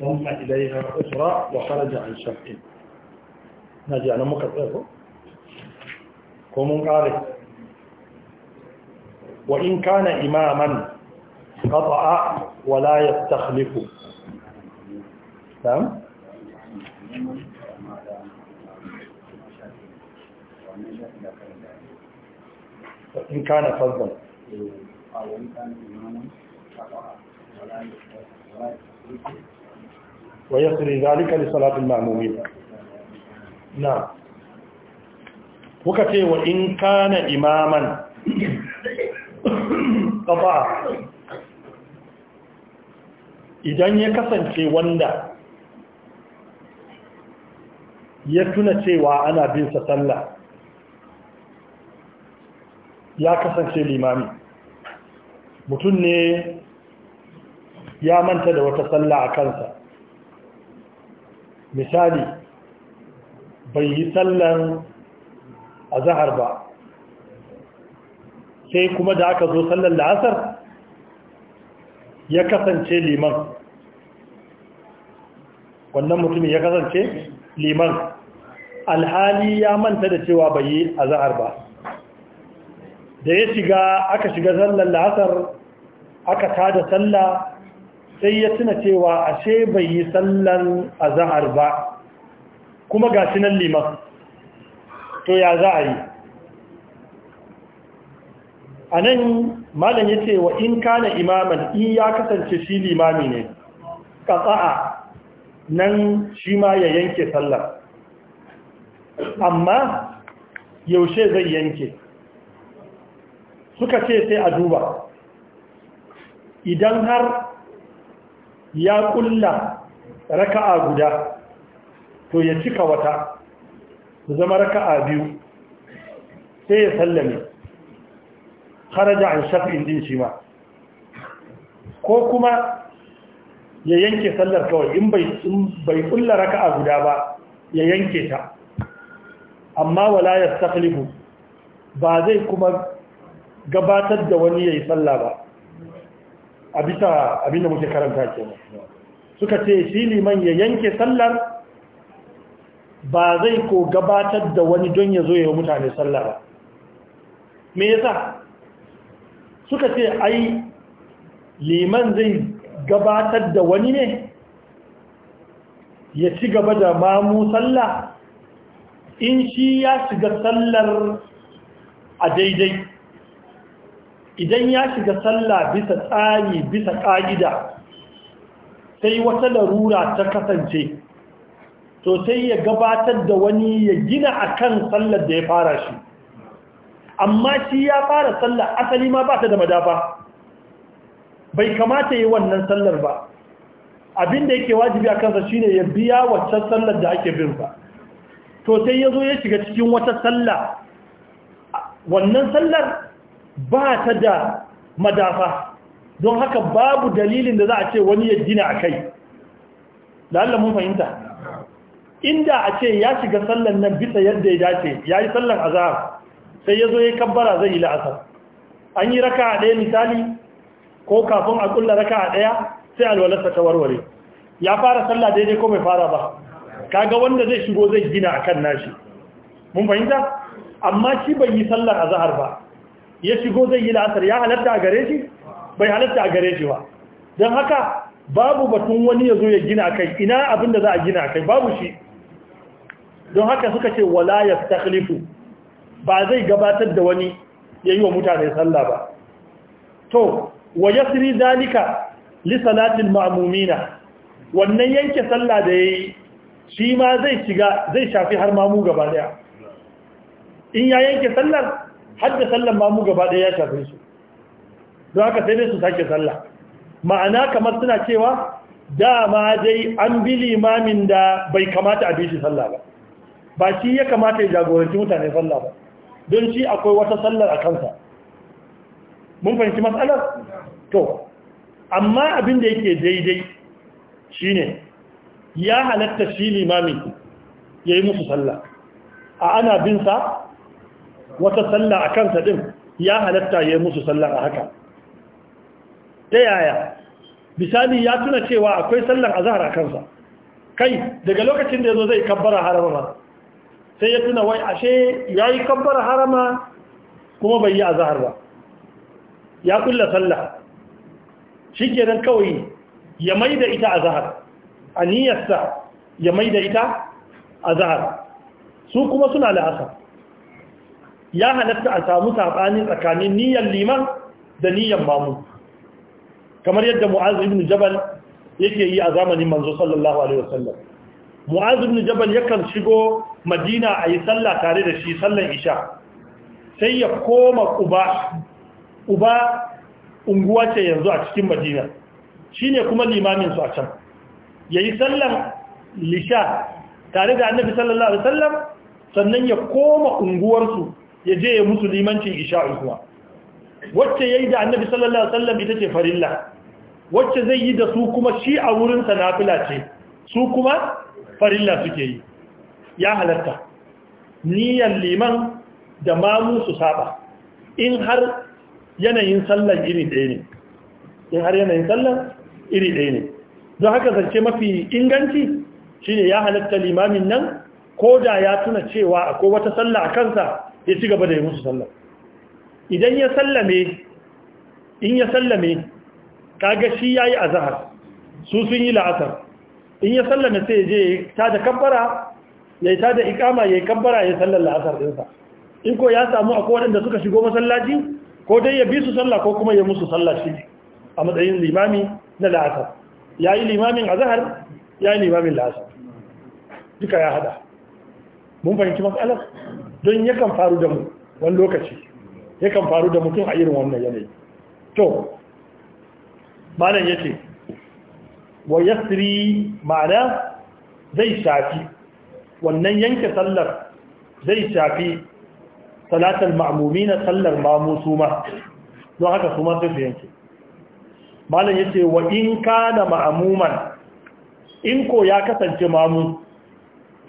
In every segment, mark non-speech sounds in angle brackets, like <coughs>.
ضم إليها أخرى وخرج عن شفع نجي على مكتبه إيه ومن قال وإن كان إماما قطع ولا يستخلف تمام نعم؟ وإن كان فضلا وإن كان إماما قطع ولا يستخلف ويسري ذلك لصلاة المأمومين نعم وكتي وإن كان إماما قطع idan ya kasance wanda ya tuna cewa ana binsa sa sallah ya kasance limami mutum ne ya manta da wata sallah a kansa misali bai yi sallan a zahar ba sai kuma da aka zo sallan la'asar ya kasance liman wannan mutumin ya kasance liman alhali ya manta da cewa bai yi a zahar ba da ya shiga aka shiga sallan la'asar aka tada sallah sai ya tuna cewa ashe bai yi sallan azahar ba kuma ga shi nan liman to ya za a yi a nan malam ya ce wa in kana imaman in ya kasance shi limami ne katsa'a nan shi ma ya yanke sallar amma yaushe zai yanke suka ce sai a duba idan har ya kulla raka'a guda to ya cika wata su zama raka'a biyu sai ya sallame kharaja an shaf'in din shi ma ko kuma ya yanke sallar kawai in bai bai kulla raka'a guda ba ya yanke ta amma wala yastakhlifu ba zai kuma gabatar da wani yayi sallah ba a bisa abinda muke karanta ke suka ce shi liman ya yanke sallar ba zai ko gabatar da wani don ya zo ya mutane sallar ba me yasa suka ce ai liman zai gabatar da wani ne ya ci gaba da mamu sallah in shi ya shiga sallar a daidai idan ya shiga sallah bisa tsari bisa ƙa'ida sai wata larura ta kasance to sai ya gabatar da wani ya gina akan sallar da ya fara shi amma shi ya fara sallar asali ma ba ta da madafa bai kamata yi wannan sallar ba Abin abinda yake wajibi a kansa shine ya biya waccan sallar da ake bin ba to sai ya zo ya shiga cikin wata sallah wannan sallar ba ta da madafa don haka babu dalilin da za a ce wani ya gina a kai lalla mun fahimta inda a ce ya shiga sallan nan bisa yadda ya dace ya yi sallan azahar sai ya zo ya kabbara zai yi la'asar an yi raka a ɗaya misali ko kafin a ƙulla raka a ɗaya sai alwalarsa ta warware ya fara sallah daidai ko bai fara ba kaga wanda zai shigo zai gina a kan nashi mun fahimta amma shi bai yi sallar zahar ba ya shigo zai yi la'asar ya halatta a gare shi bai halatta a gare shi ba don haka babu batun wani ya zo ya gina kai ina abin da za a gina kai babu shi don haka suka ce wala ya ba zai gabatar da wani ya yi wa mutane sallah ba to wa siri zalika li salatil ma'mumina wannan yanke sallah da ya yi? shi ma zai shiga zai shafi har mamu gaba daya in ya yanke sallar har da sallan ma mu gaba ɗaya ya shafe su don haka sai dai su sake salla ma'ana kamar suna cewa dama dai an bi limamin da bai kamata a bi shi sallah ba ba shi ya kamata ya jagoranci mutane salla ba don shi akwai wata sallar a kansa mun fahimci matsalar to amma abin da yake daidai shine ya halatta shi limamin ya yi musu salla a ana binsa wata sallah a kansa ɗin ya halatta ya musu sallah a haka ta yaya misali ya tuna cewa akwai sallar azahar a kansa kai daga lokacin da ya zo zai kabbara harama ba sai ya tuna wai ashe ya yi kabbara harama kuma bai yi azahar ba ya kulla sallah shi nan kawai ya mai da ita azahar a niyyarsa ya mai da ita azahar su kuma suna la'asa ya halatta a samu saɓani tsakanin niyyar liman da niyyar mamu kamar yadda mu'az ibn jabal yake yi a zamanin manzo sallallahu alaihi wasallam mu'az ibn jabal yakan shigo madina a yi sallah tare da shi sallan isha sai ya koma uba uba unguwa ce yanzu a cikin madina ne kuma limamin su a can Ya yi sallan lisha tare da annabi sallallahu alaihi wasallam sannan ya koma unguwarsu ya je ya mutu limancin isha'i kuma. wacce ya yi da annabi sallallahu alaihi wasallam ita ce farilla wacce zai yi da su kuma shi a wurinsa sana'fila ce su kuma farilla suke yi ya halatta niyan liman da mamu su saba in har yanayin sallan iri ɗaya ne in har yanayin sallan iri ɗaya ne don haka zance mafi inganci shine ya halatta limamin nan ko da ya tuna cewa akwai wata sallah a kansa ya ci gaba da yi musu sallah idan ya sallame in ya sallame kaga shi ya yi azahar, su sun yi la'asar in ya sallame sai je ta da kabbara yi ta da ikama yi kabbara ya sallar la'asar din in ko ya samu akwai waɗanda suka shigo masallaci ko dai ya bi su sallah ko kuma ya musu sallah a matsayin limami na la'asar Ya yi limamin azahar, ya yi limamin la'asar duka ya haɗa. mun fahimci alas. don yakan faru da mu wani lokaci yakan faru da mutum a irin wannan yanayi to malam ya ce, wa yasri ma'ana zai shafi wannan yanke sallar zai shafi salatar ma'amumi na sallar mamu su ma don haka su masu su yanke malam ya ce wa in ka na ma'amuman in ko ya kasance mamu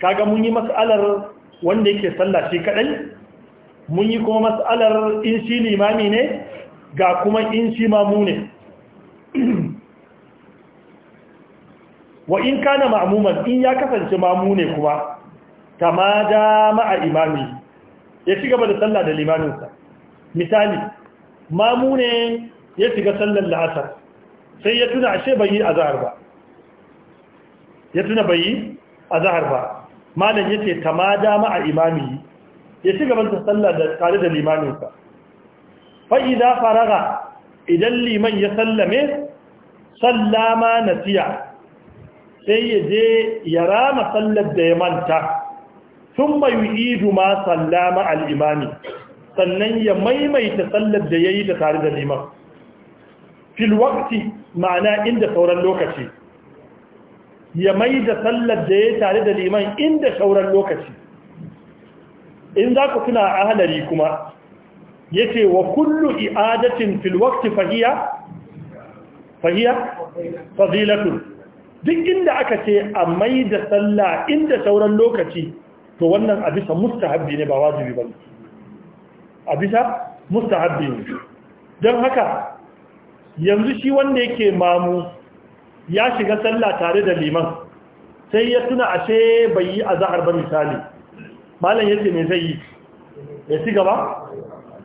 kaga mun yi mas'alar wanda yake sallah shi kadai mun yi kuma mas'alar in shi limami ne ga kuma in shi mamu ne <clears throat> wa in kana ma'muman in ya kasance mamu ne kuma tamada ma'a imami ya ci gaba da sallah da limaminsa misali mamu ne ya shiga sallar la'asar sai ya tuna ashe bai yi azhar ba ya tuna bai yi azhar ba malam yace kama dama a imami ya ci gaban ta sallah da tare da limaninsa. fa idza faraga idan liman ya sallame sallama nasiya sai ya je ya rama sallar da ya manta mai yu'idu ma sallama al sannan ya maimaita sallar da yayi da tare da liman fil waqti ma'ana inda sauran lokaci ya mai da sallar da ya tare da liman inda shauran lokaci in za ku tuna a halari kuma ya ce wa kullu i'adatin fil fahiya fahiya fadilatun duk inda aka ce a mai da sallah inda shauran lokaci to wannan a bisa mustahabbi ne ba wajibi ba a bisa mustahabbi ne don haka yanzu shi wanda yake mamu ya shiga sallah tare da liman sai ya tuna ashe bai yi azahar ba misali malam yace me zai yi ya ci gaba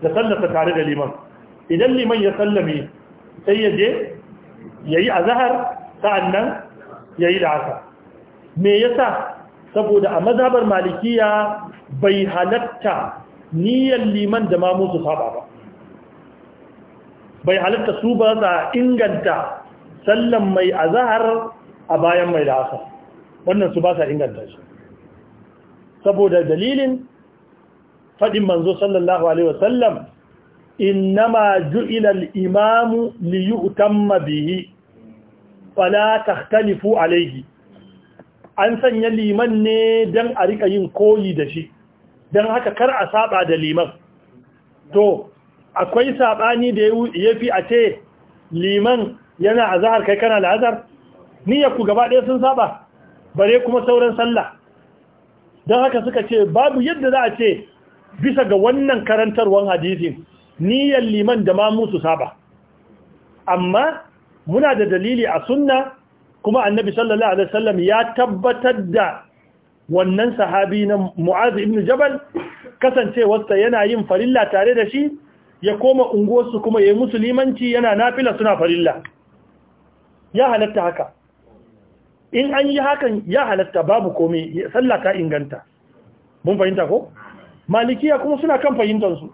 da sallata tare da liman idan liman ya sallame sai ya je yayi azahar sa'annan yayi haka. me yasa saboda a mazhabar malikiya bai halatta niyyar liman da mamu su saba ba bai halatta su ba za inganta sallan mai azahar a bayan mai da asar wannan su ba sa inganta shi saboda dalilin faɗin manzo sallallahu alaihi wasallam innama ju'ila al-imamu li yu'tamma bihi fala takhtalifu alayhi an sanya liman ne dan a rika yin koyi da shi dan haka kar a saba da liman to akwai sabani da yafi a ce liman yana azahar kai kana la'azar niyyar ku gaba ɗaya sun saba bare kuma sauran sallah don haka suka ce babu yadda za a ce bisa ga wannan karantarwan hadisin niyyar liman da ma musu saba amma muna da dalili a sunna kuma annabi sallallahu alaihi wasallam ya tabbatar da wannan sahabi na mu'az ibn jabal kasancewarsa yana yin farilla tare da shi ya koma unguwarsu kuma ya yi musulmanci yana nafila suna farilla ya halatta haka in an yi hakan ya halatta babu komai sallah ta inganta mun fahimta ko malikiya kuma suna kan fahimtar su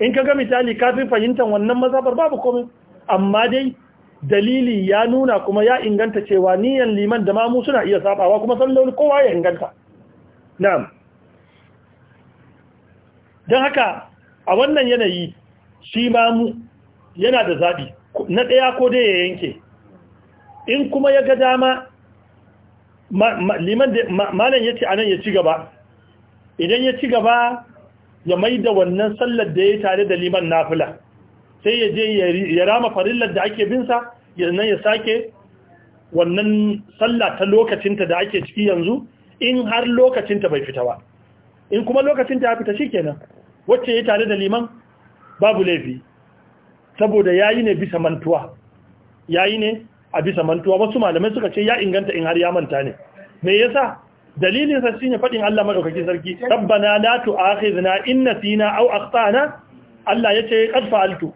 in ka ga misali kafin fahimtar wannan mazhabar babu komai amma dai dalili ya nuna kuma ya inganta cewa niyan liman da mamu suna iya sabawa kuma sallar kowa ya inganta na'am don haka a wannan yanayi shi mamu yana da zaɓi na ɗaya ko dai ya yanke in kuma ya ga dama liman ce a anan ya ci gaba idan ya ci gaba ya maida wannan sallar da ya tare da liman nafila sai ya je ya rama farillar da ake binsa yanzu ya sake wannan sallah ta lokacinta da ake ciki yanzu in har lokacinta bai fita ba in kuma lokacinta ya fita shi kenan, wacce ya tare da liman babu laifi saboda ya yi ne bisa mantuwa yi ne a bisa mantuwa wasu malamai suka ce ya inganta in har ya manta ne me yasa dalilin sa shine fadin Allah madaukakin sarki rabbana la tu'akhidna in nasina aw akhtana Allah yace qad fa'altu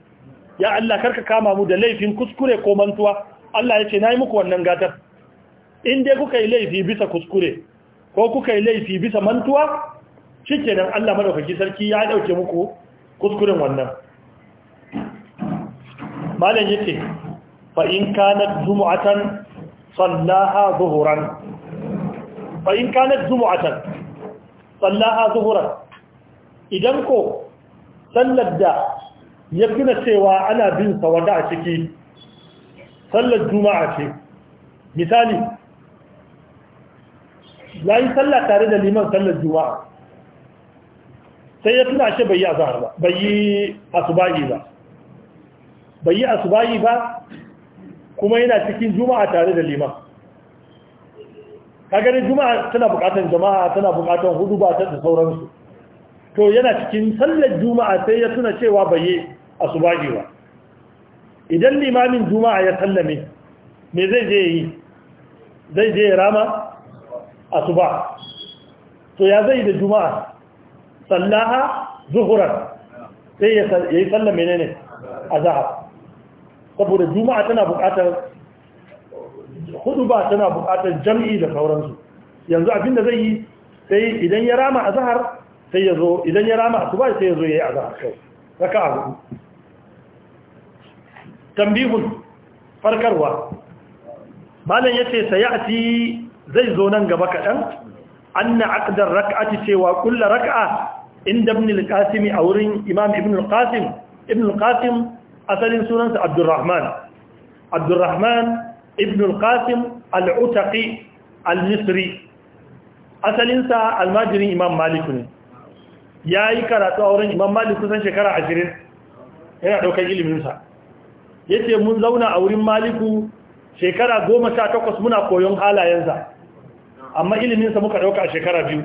ya Allah karka kama mu da laifin kuskure ko mantuwa Allah yace nayi muku wannan gatar in dai kuka yi laifi bisa kuskure ko kuka yi laifi bisa mantuwa shikenan Allah madaukakin sarki ya dauke muku kuskuren wannan malam yace فإن كانت جمعة صلاها ظهرا فإن كانت جمعة صلاها ظهرا idan ko sallar da ya tuna cewa ana bin sawada a ciki sallar juma'a ce misali ya yi sallah tare da liman sallar juma'a sai ya tuna shi bai yi azahar ba bai yi ba bai yi ba kuma yana cikin juma'a tare da liman kaga juma'a tana buƙatar jama'a tana buƙatar hudu ba ta da sauransu to yana cikin sallar juma'a sai ya tuna cewa baye asubahi ba idan limamin juma'a ya sallame me zai je yi zai je rama asuba to ya zai da juma'a sallaha zuhuran sai ya yi ne menene azhar saboda juma'a tana buƙatar hudu ba tana buƙatar jam'i da sauransu yanzu abin da zai yi sai idan ya rama azhar sai ya zo idan ya rama asuba sai ya zo yayi azhar kai raka abu tambihun farkarwa malam ya ce sayati zai zo nan gaba kadan anna aqdar Raka'ati cewa kullu Raka'a, inda ibn al-qasim a wurin imam ibn al-qasim ibn al-qasim asalin sunansa abdurrahman abdurrahman ibn al-qasim al-utaqi al-misri asalinsa almajirin imam malik ne ya yi karatu a wurin imam malik kusan shekara ashirin yana ɗaukar iliminsa ya ce mun zauna a wurin maliku shekara goma sha takwas muna koyon halayensa amma iliminsa muka ɗauka a shekara biyu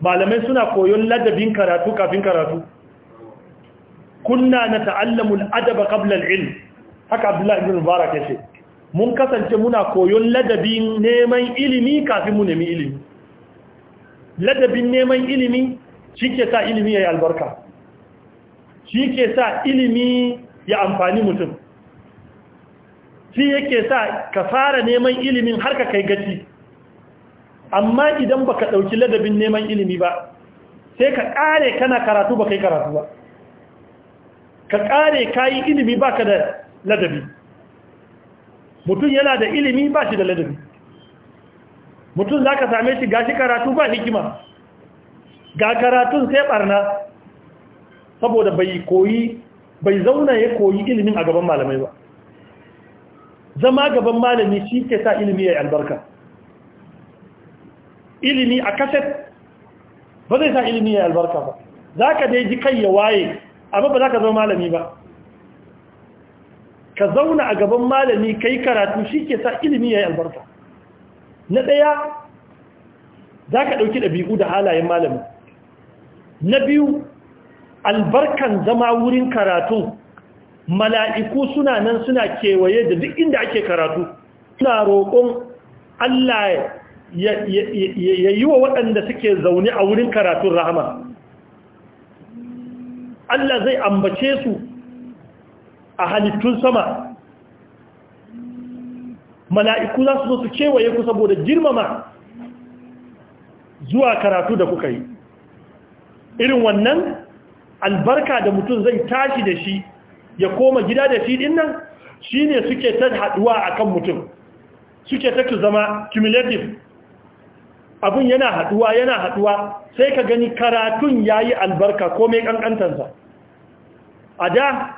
malamai suna koyon ladabin karatu kafin karatu kunna na ta'allamul adaba qabla ilm haka abdullahi ibn mubarak ce. mun kasance muna koyon ladabin neman ilimi kafin mu nemi ilimi ladabin neman ilimi ke sa ilimi yi albarka ke sa ilimi ya amfani mutum shi yake sa ka fara neman ilimin har ka kai gaci amma idan baka ɗauki ladabin neman ilimi ba sai ka ƙare kana karatu ba kai karatu ba ka kare kayi ilimi baka da ladabi mutum yana da ilimi ba shi da ladabi mutum za ka same shi gashi karatu ba hikima ga karatun sai barna saboda bai koyi bai zauna ya koyi ilimin a gaban malamai ba zama gaban malami shi ke sa ilimi ya yi albarka ilimi a kaset ba zai sa ilimi ya yi albarka ba za ka dai ji kai ya waye amma ba za ka zo malami ba ka zauna a gaban malami ka yi karatu shi ke sa ilimi ya yi albarka na ɗaya za ka ɗauki ɗabi'u da halayen malami na biyu albarkan zama wurin karatu mala'iku suna nan suna kewaye da duk inda ake karatu suna roƙon Allah ya yi wa waɗanda suke zaune a wurin karatun rahama Allah zai ambace su a halittun sama mala'iku za su zo su kewaye ku saboda girmama zuwa karatu da kuka yi irin wannan albarka da mutum zai tashi da shi ya koma gida da shi dinnan shi ne suke ta haduwa a kan mutum suke ta zama cumulative abin yana haɗuwa, yana haɗuwa, sai ka gani karatun ya yi albarka ko mai kankantansa a da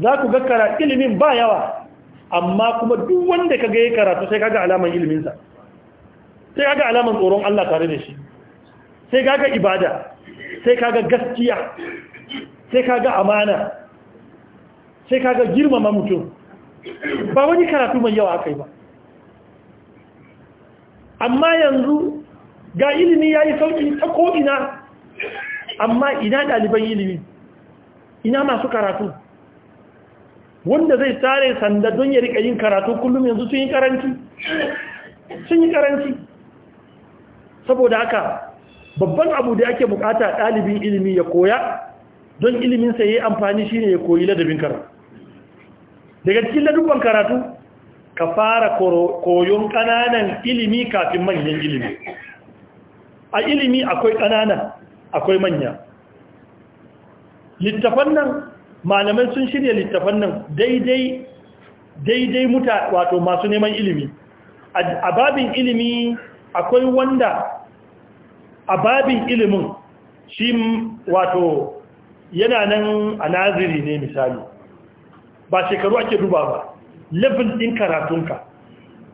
za ku ga kara ilimin ba yawa amma kuma duk wanda kaga ya karatu sai kaga alaman iliminsa sai kaga alaman tsoron Allah tare da shi sai kaga ibada sai kaga gaskiya sai kaga amana sai kaga girmama mutum ba wani karatu mai yawa akai ba amma yanzu ga ilimi yayi sauki ta ko'ina, amma ina ɗaliban ilimi ina masu karatu wanda zai tsare sanda don ya rika yin karatu kullum yanzu sun yi karanci sun yi karanci saboda haka babban abu da ake bukata ɗalibin ilimi ya koya don iliminsa ya yi amfani shine ya koyi ladabin karatu daga cikin ladubban karatu ka fara koyon ƙananan ilimi kafin manyan ilimi a ilimi akwai ƙanana akwai manya littafan nan malamai sun shirya littafan nan daidai daidai muta wato masu neman ilimi a babin ilimi akwai wanda a babin ilimin shi wato yana nan a naziri ne misali ba shekaru ake duba ba level din karatunka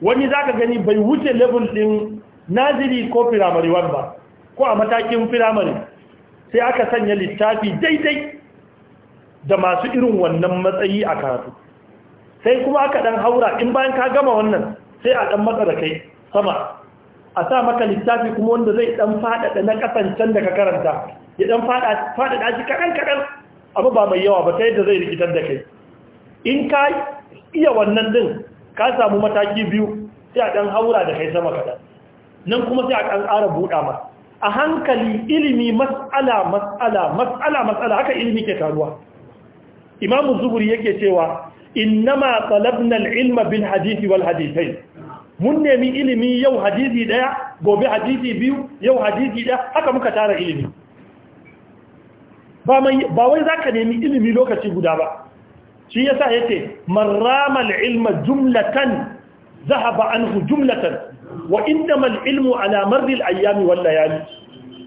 wani za ka gani bai wuce level din naziri ko firamari wani ba ko a matakin firamare sai aka sanya littafi daidai da masu irin wannan matsayi a karatu sai kuma aka dan haura in bayan ka gama wannan sai a dan matsa da kai sama a sa maka littafi kuma wanda zai dan fadada na kasancen da ka karanta ya dan fadada shi kadan kadan abu ba mai yawa ba ta yadda zai rikitar da kai in ka iya wannan din ka samu mataki biyu sai a dan haura da kai sama kadan nan kuma sai a kan ƙara buɗa ma a hankali ilimi matsala matsala mas'ala mas'ala haka ilimi ke karuwa imamu zuburi yake cewa innama talabna ilma bil hadisi wal hadisai, mun nemi ilimi yau hadisi daya gobe hadisi biyu yau hadisi daya haka muka tara ilimi ba wai za ka nemi ilimi lokaci guda ba shi yasa yace marramal ilma jumlatan zahaba anhu jumlatan wa innamal ilmu ala marril ayyami wal layali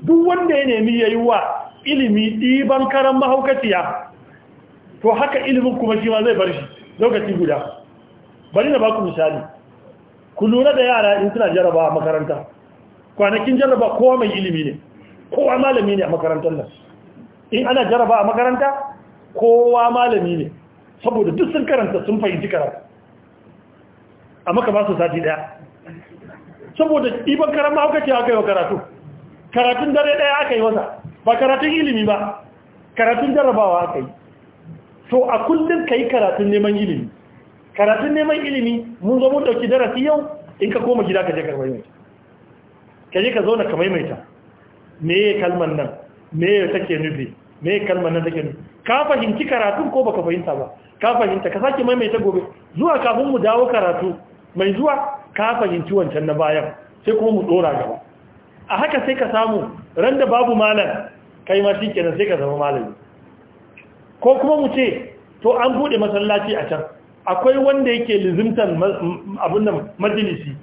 duk wanda ya nemi yayi wa ilimi diban karan mahaukaciya to haka ilimin kuma shi ma zai bar shi lokaci guda bari na baku misali ku lura da yara in suna jaraba a makaranta kwanakin jaraba kowa mai ilimi ne kowa malami ne a makarantar nan in ana jaraba a makaranta kowa malami ne saboda duk sun karanta sun fahimci karatu amma ka ba su sati daya saboda ɗiban karama hauka ce aka yi wa karatu karatun dare ɗaya aka yi wasa ba karatun ilimi ba karatun jarrabawa aka yi to a kullum ka yi karatun neman ilimi karatun neman ilimi mun zo mun ɗauki darasi yau in ka koma gida ka je ka maimaita ka je ka zauna ka maimaita me ya kalman nan me ya take nufi me ya kalman nan take nufi ka fahimci karatun ko baka fahimta ba ka fahimta ka sake maimaita gobe zuwa kafin mu dawo karatu mai zuwa ka fahimci wancan na bayan sai kuma mu dora gaba a haka sai ka samu ran da babu malam kai ma shi kenan sai ka zama malami ko kuma mu ce to an bude masallaci a can akwai wanda yake lizimtan abin nan majalisi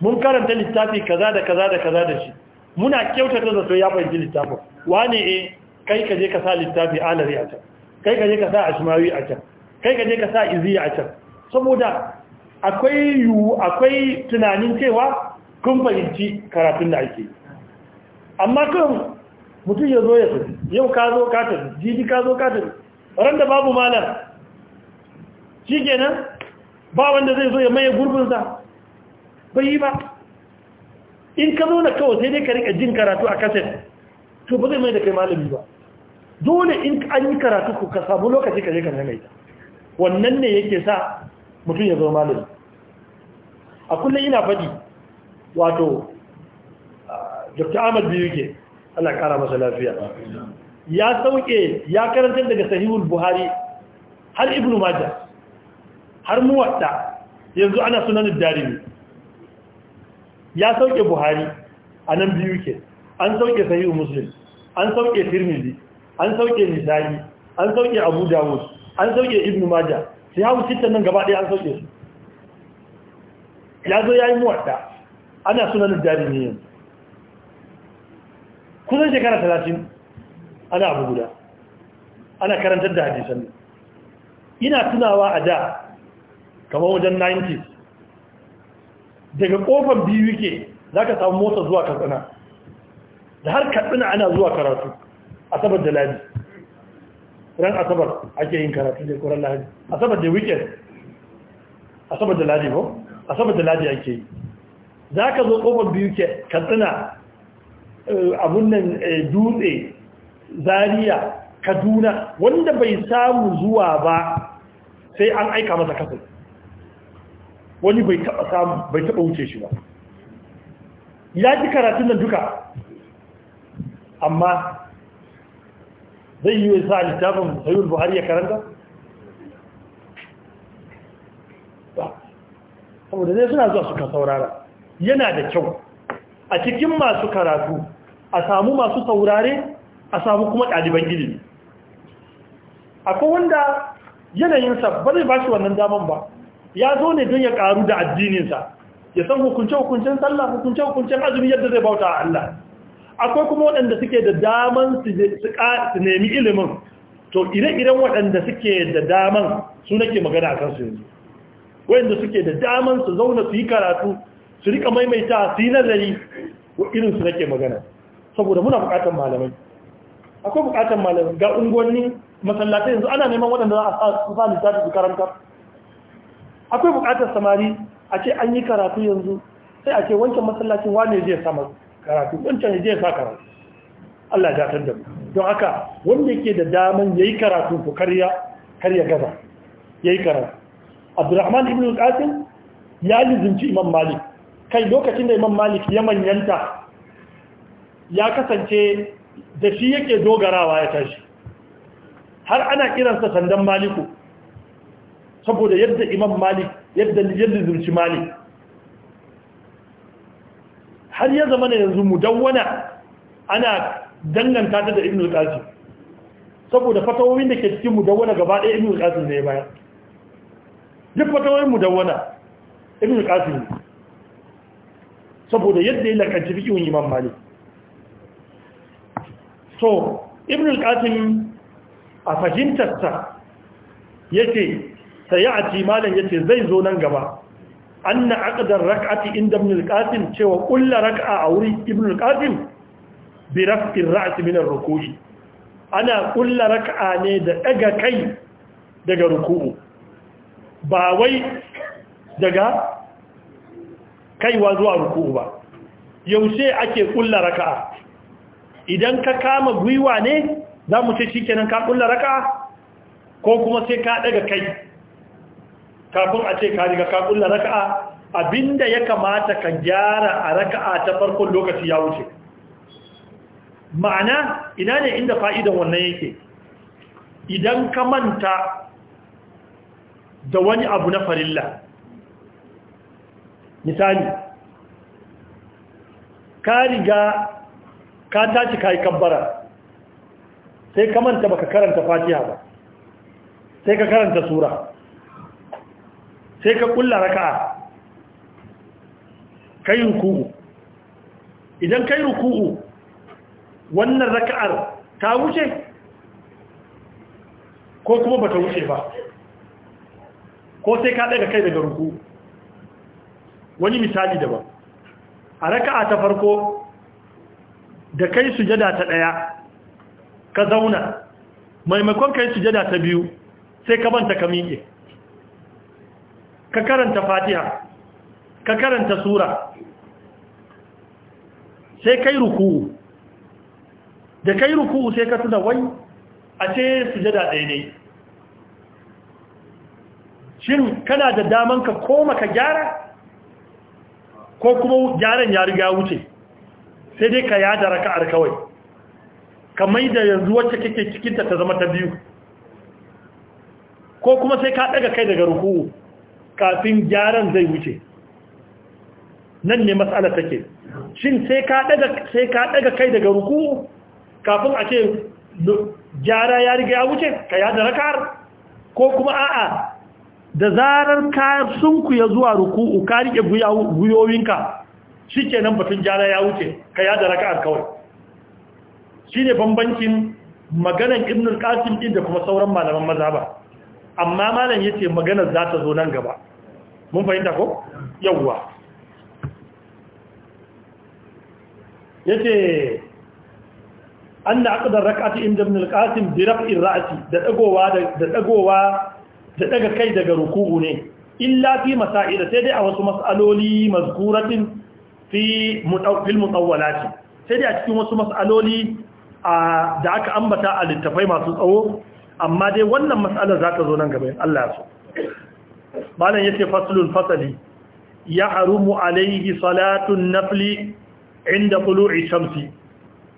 mun karanta littafi kaza da kaza da kaza da shi muna kyautata da so ya fahimci littafin wane eh kai ka je ka sa littafi alari a can kai ka je ka sa ashmawi a can kai ka je ka sa iziya a can saboda akwai yiwu akwai tunanin cewa kun fahimci karatun da ake amma kan mutum ya zo ya tafi yau ka zo ka tafi jibi ka zo ka tafi ran da babu malam shi kenan ba wanda zai zo ya maye gurbinsa bai yi ba in ka zo na kawai sai dai ka rika jin karatu a kaset to ba zai mai da kai malami ba dole in an yi karatu ku ka samu lokaci ka je ka nanaita. wannan ne yake sa mutum ya zo malami a kullum ina faɗi wato dr ahmad biyu ke allah ƙara masa lafiya ya sauke ya karantar daga sahihul buhari har ibn majah har muwatta yanzu ana sunan darimi ya sauke buhari a nan biyu an sauke sahihul muslim an sauke firmizi an sauke nisani an sauke abu dawud an sauke ibn majah sai hau sittan nan gaba ɗaya an sauke su ya zo ya yi muwata ana sunanin darimi yanzu kusan shekara talatin ana abu guda ana karantar da hadisan nan ina tunawa a da kamar wajen 90 s daga kofar biyu ke za ka samu motsa zuwa katsina da har katsina ana zuwa karatu asabar da ladi ran asabar ake yin karatu da koran lahadi asabar da wikin asabar da ladi ko a saboda ladi ake yi za ka zo ƙofar biyu ke katsina eh, abun nan eh, dutse zariya kaduna wanda bai samu zuwa ba sai an aika masa kasar wani bai taɓa samu bai taɓa wuce shi ba ya ji karatun nan duka amma zai yi sa littafin sayur buhari ya karanta saboda zai suna zuwa suka saurara yana da kyau a cikin masu karatu a samu masu saurare a samu kuma ɗaliban ilimi akwai wanda yanayin ba ba shi wannan daman ba ya zo ne don ya ƙaru da addininsa ya san hukunce-hukuncen sallah hukunce-hukuncen azumi yadda zai bauta a Allah akwai kuma waɗanda suke da daman su nemi ilimin to ire-iren waɗanda suke da daman su nake magana a kansu yanzu wayanda suke da daman su zauna su yi karatu su rika maimaita su yi nazari irin su nake magana saboda muna bukatar malamai akwai bukatar malamai ga unguwanni masallatai yanzu ana neman waɗanda za a sa littafi su karanta akwai bukatar samari a ce an yi karatu yanzu sai a ce wancan masallacin wane zai sa karatu wancan zai sa karatu Allah ya datar da mu don haka wanda yake da daman yayi karatu ko kariya kariya gaza yayi karatu abdurrahman ibn al-qasim ya lizinci imam malik kai lokacin da imam malik ya manyanta ya kasance da shi yake dogarawa ya tashi har ana kiransa sandan maliku saboda yadda imam malik yadda yadda lizinci malik har ya zama na yanzu mudawwana ana danganta ta da ibn al-qasim saboda fatawowin da ke cikin mudawwana gaba ɗaya ibn al-qasim ne baya duk wata wani mudawwana ibn qasim saboda yadda ya lakanci fiqhun imam malik so ibn qasim a fahimtarsa yace sayati malan yace zai zo nan gaba anna aqdar rak'ati inda ibn al-qasim cewa kullu rak'a a wuri ibn al-qasim bi raf'i min ar-ruku'i ana kullu rak'a ne da daga kai daga ruku'u ba wai daga kaiwa zuwa ruku'u ba yaushe ake kulla raka'a idan ka kama gwiwa ne za mu ce shikenan ka kulla raka'a ko kuma sai ka daga kai kafin a ce ka riga ka kulla raka'a abinda ya kamata ka gyara a raka'a ta farkon lokaci ya wuce ma'ana ina ne inda fa'idan wannan yake idan ka manta da wani abu na farilla misali ka riga ka tashi ka yi kabbara sai ka manta baka karanta fatiha ba sai ka karanta sura sai ka kulla raka'a kai ruku'u idan kai ruku'u wannan raka'ar ta wuce ko kuma ba ta wuce ba ko sai ka daga kai daga ruku wani misali daban a raka'a ta farko da kai sujada ta daya ka zauna maimakon kai sujada ta biyu sai ka banta ka miƙe ka karanta fatiha ka karanta sura sai kai ruku da kai ruku sai ka tuna wai a ce sujada ɗaya ne shin kana da daman ka koma ka gyara ko kuma gyaran ya riga wuce sai dai ka yada raka'ar kawai ka mai da yanzu wacce kake cikinta ta zama ta biyu ko kuma sai ka daga kai daga ruku kafin gyaran zai wuce nan ne matsala take shin sai ka daga sai ka daga kai daga ruku kafin a ce gyara ya riga ya wuce ka yada raka'ar ko kuma a'a da zarar ka sunku ya zuwa ruku'u ka rike guyoyinka shikenan batun jara ya wuce ka yada raka'ar kawai shine bambancin maganan ibn al-qasim din da kuma sauran malaman mazhaba amma malam yace maganar za ta zo nan gaba mun fahimta ko yawwa yace anna aqdar rak'ati inda ibn al-qasim bi raf'i ra'si da dagowa da dagowa da daga kai daga ruku'u ne illa fi masa'ida sai dai a wasu mas'aloli mazkuratin fi mutawfil mutawwalati sai dai a cikin wasu mas'aloli da aka ambata a littafai masu tsawo amma dai wannan mas'alar za ta zo nan gaba Allah ya so malam yace faslun fasali ya harumu alaihi salatun nafli inda qulu'i shamsi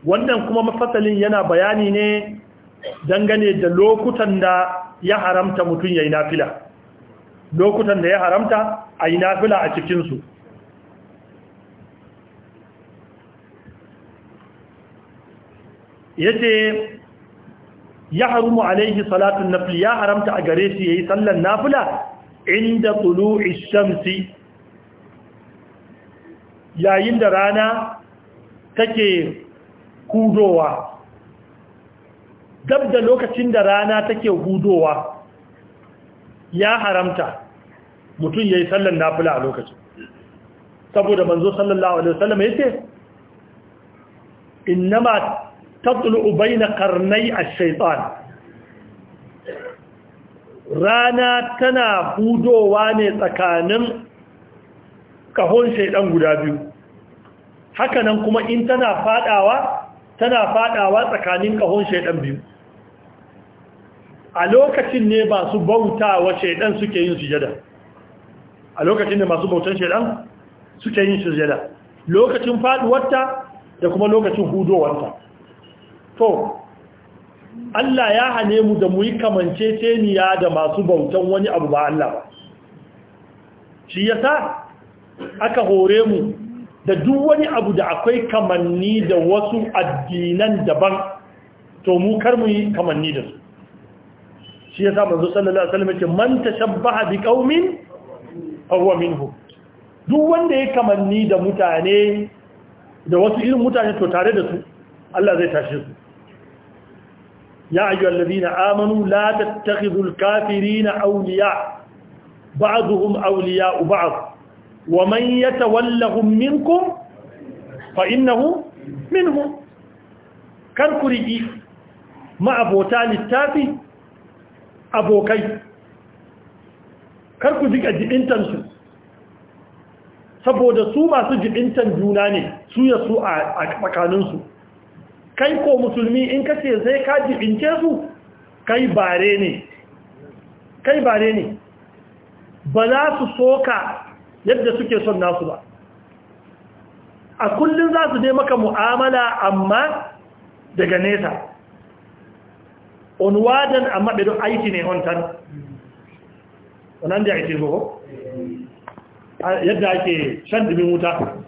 wannan kuma mafasalin yana bayani ne dangane da lokutan da ya haramta mutum ya yi nafila lokutan da ya haramta a yi nafila a cikinsu ya ce ya harumu alaihi salatun nafil ya haramta a gare shi ya yi sallan nafila inda Kulu ishamsi yayin da rana take kudowa gab da lokacin da rana take hudowa ya haramta mutum ya yi sallan nafila a lokacin saboda manzo sallallahu alaihi wasallam ya ce innama tatlu bayna qarnai ash-shaytan rana tana hudowa ne tsakanin kahon shaydan guda biyu hakanan kuma in tana fadawa tana fadawa tsakanin kahon shaidan biyu a lokacin ne masu bautawa shaidan suke yin sujada a lokacin ne masu bautan shaidan suke yin sujada lokacin faduwarta da kuma lokacin hudowarta to Allah ya hane mu da mu yi kamanceceniya da masu bautan wani abu ba Allah ba shi yasa aka hore mu da duk wani abu da akwai kamanni da wasu addinan daban to mu kar mu yi kamanni da su shi sa manzo sallallahu alaihi wasallam yace man tashabbaha bi qaumin fa huwa minhum duk wanda ya kamanni da mutane da wasu irin mutane to tare da su Allah zai tashe su ya ayyuhal ladina amanu la tattakhidhul kafirina awliya ba'dhum awliya'u ba'd wa man yatawallahum minkum fa innahu minhum kar ku riki ma'abota littafi abokai kar ku jika jibintansu saboda su masu jibintan juna ne su ya su a tsakaninsu kai ko musulmi in ka ce zai ka jibince su kai bare ne kai bare ne ba za su soka yadda suke son nasu ba a kullum za su maka mu'amala amma daga nesa wajen amma bai don aiki ne hontan wannan da ake zo yadda ake shan dumin wuta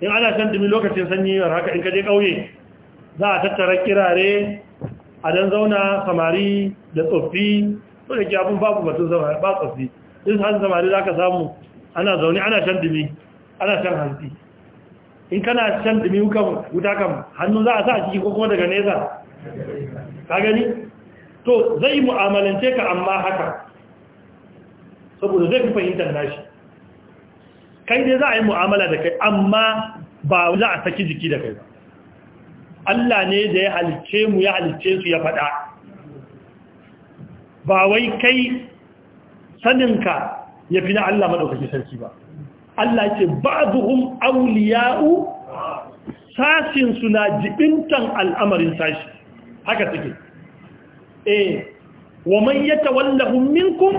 in ana shan dumin lokacin sanyi haka in kaje kauye za a tattara kirare a don zauna samari da tsoffi wadda ke abin babu batun samari ba tsoffi in samari za ka samu ana zaune ana shan dumi ana shan hanti in kana shan dumi wuta kan hannu za a sa a ciki ko kuma daga nesa ka gani to zai mu'amalance ka amma haka saboda zai fi fahimtar nashi kai dai za a yi mu'amala da kai amma ba za a saki jiki da kai ba Allah ne da ya halicce mu ya halicce su ya faɗa ba wai kai saninka ya fi na Allah maɗaukaki sarki ba Allah ce ba'duhum auliya'u? sashin suna jibintan al'amarin sashi haka suke eh wa man yatawallahum minkum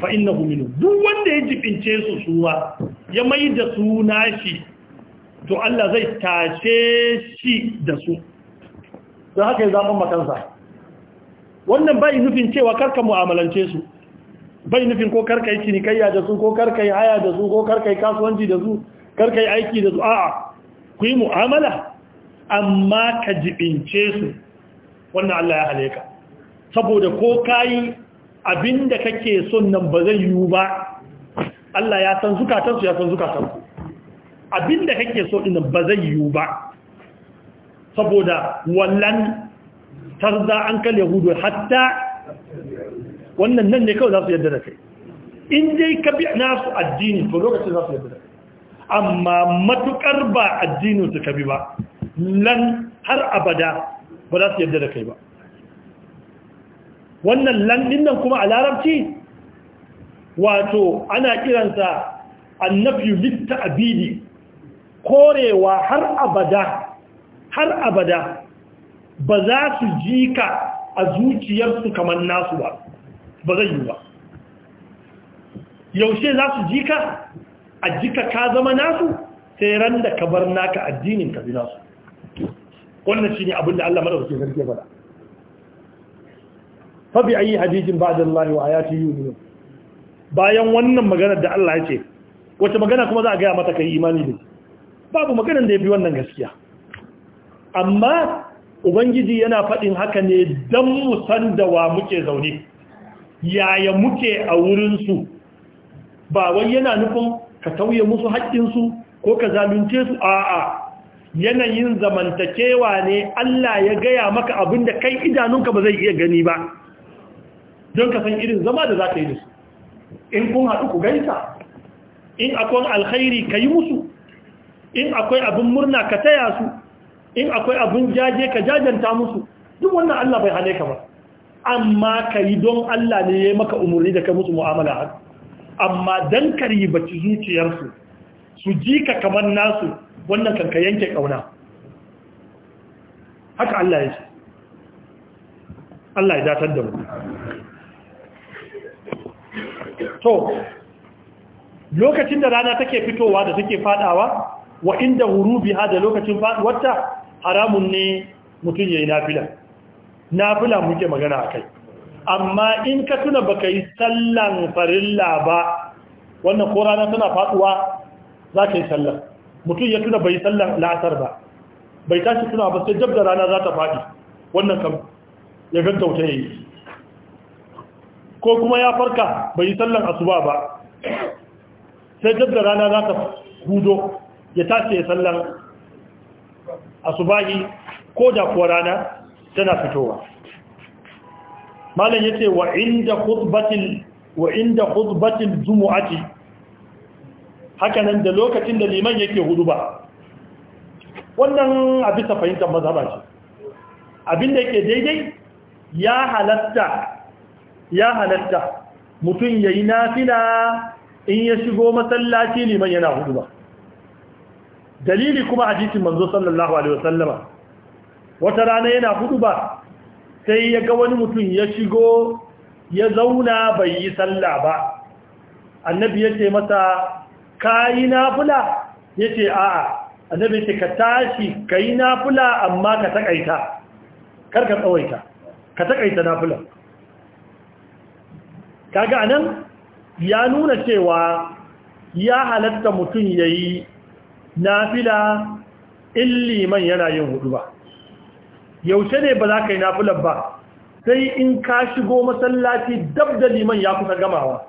fa innahu minhum duk wanda ya jibince su suwa ya mai da su nashi to Allah zai tashe shi da su don haka ya zaɓin makansa wannan bai nufin cewa karka mu'amalance su bai nufin ko karkai yi cinikayya da su ko karkai yi haya da su ko karkai yi kasuwanci da su karkai yi aiki da su a'a ku yi mu'amala amma ka jibince su wannan Allah ya hale ka saboda ko kayi abinda kake son nan ba zai yiwu ba Allah ya san zukatansu ya san zukatansu abinda kake so nan ba zai yiwu ba saboda wallan tarza an kal yahudu hatta wannan nan ne kawai za su yadda da kai in dai ka bi nasu addini to lokacin za su yadda da kai amma matukar ba addinin su ka bi ba nan har abada ba za su yadda da kai ba wannan lan nan kuma a larabci wato ana kiransa annabiyu abidi korewa har abada har abada ba za su ji ka a zuciyarsu kamar nasu ba ba zai yi ba yaushe za su ji ka a ji ka ka zama nasu sai ran da ka bar naka addinin ka zina su wannan ne abin da Allah madaukakin sarki ya faɗa fa bi ayi hadithin ba'da Allah wa ayati yu'minun bayan wannan maganar da Allah ya ce wace magana kuma za a gaya mata kai imani ne babu maganar da ya bi wannan gaskiya amma ubangiji yana faɗin haka ne dan mu san da wa muke zaune yaya muke a wurinsu ba wai yana nufin ka tauye musu haƙƙinsu ko ka zalunce su a'a yanayin zamantakewa ne Allah ya gaya maka abin da kai idanunka ba zai iya gani ba don ka san irin zama da za ka yi da su in kun haɗu ku gaisa in akwai alkhairi ka yi musu in akwai abin murna ka taya su in akwai abin jaje ka jajanta musu duk wannan Allah bai hane ka ba amma ka yi don Allah ne ya yi maka umarni da ka mutu mu'amala haka amma don ka bacci zuciyarsu su ji ka kamar nasu wannan kanka yanke ƙauna haka Allah ya ce Allah ya datar da mu to lokacin da rana take fitowa da take fadawa wa inda hurubi ha da lokacin wata haramun ne mutum ya yi nafila Na fula muke magana a kai. amma in ka tuna baka yi sallan farilla ba wannan ko rana tana faduwa za ka yi sallan mutum ya tuna bai sallan la'asar ba bai tashi tuna ba sai jab da rana za ta faɗi wannan kam ya wuta ya yi ko kuma ya farka bai yi sallan asuba ba sai jab da rana za ta hudo ya tashi ya sallan asubahi ko da kuwa rana tana fitowa malam yace wa inda khutbatil wa inda khutbatil jumu'ati haka nan da lokacin da liman yake huduba wannan a bisa fahimtar mazhaba ce da yake daidai ya halatta ya halatta mutum yayi nafila in ya shigo masallaci liman yana huduba dalili kuma hadisin manzo sallallahu alaihi wasallama wata rana yana hudu ba sai ya ga wani mutum ya shigo ya zauna bai yi sallah ba annabi ya ce masa kayi nafula ya ce a'a annabi ya ce ka tashi ka yi nafula amma ka takaita karka tsawaita ka takaita nafula kaga anan ya nuna cewa ya halatta mutum ya yi nafila in liman yana yin hudu ba yaushe ne ba za ka yi nafilar ba sai in ka shigo masallaci dab da liman ya kusa gamawa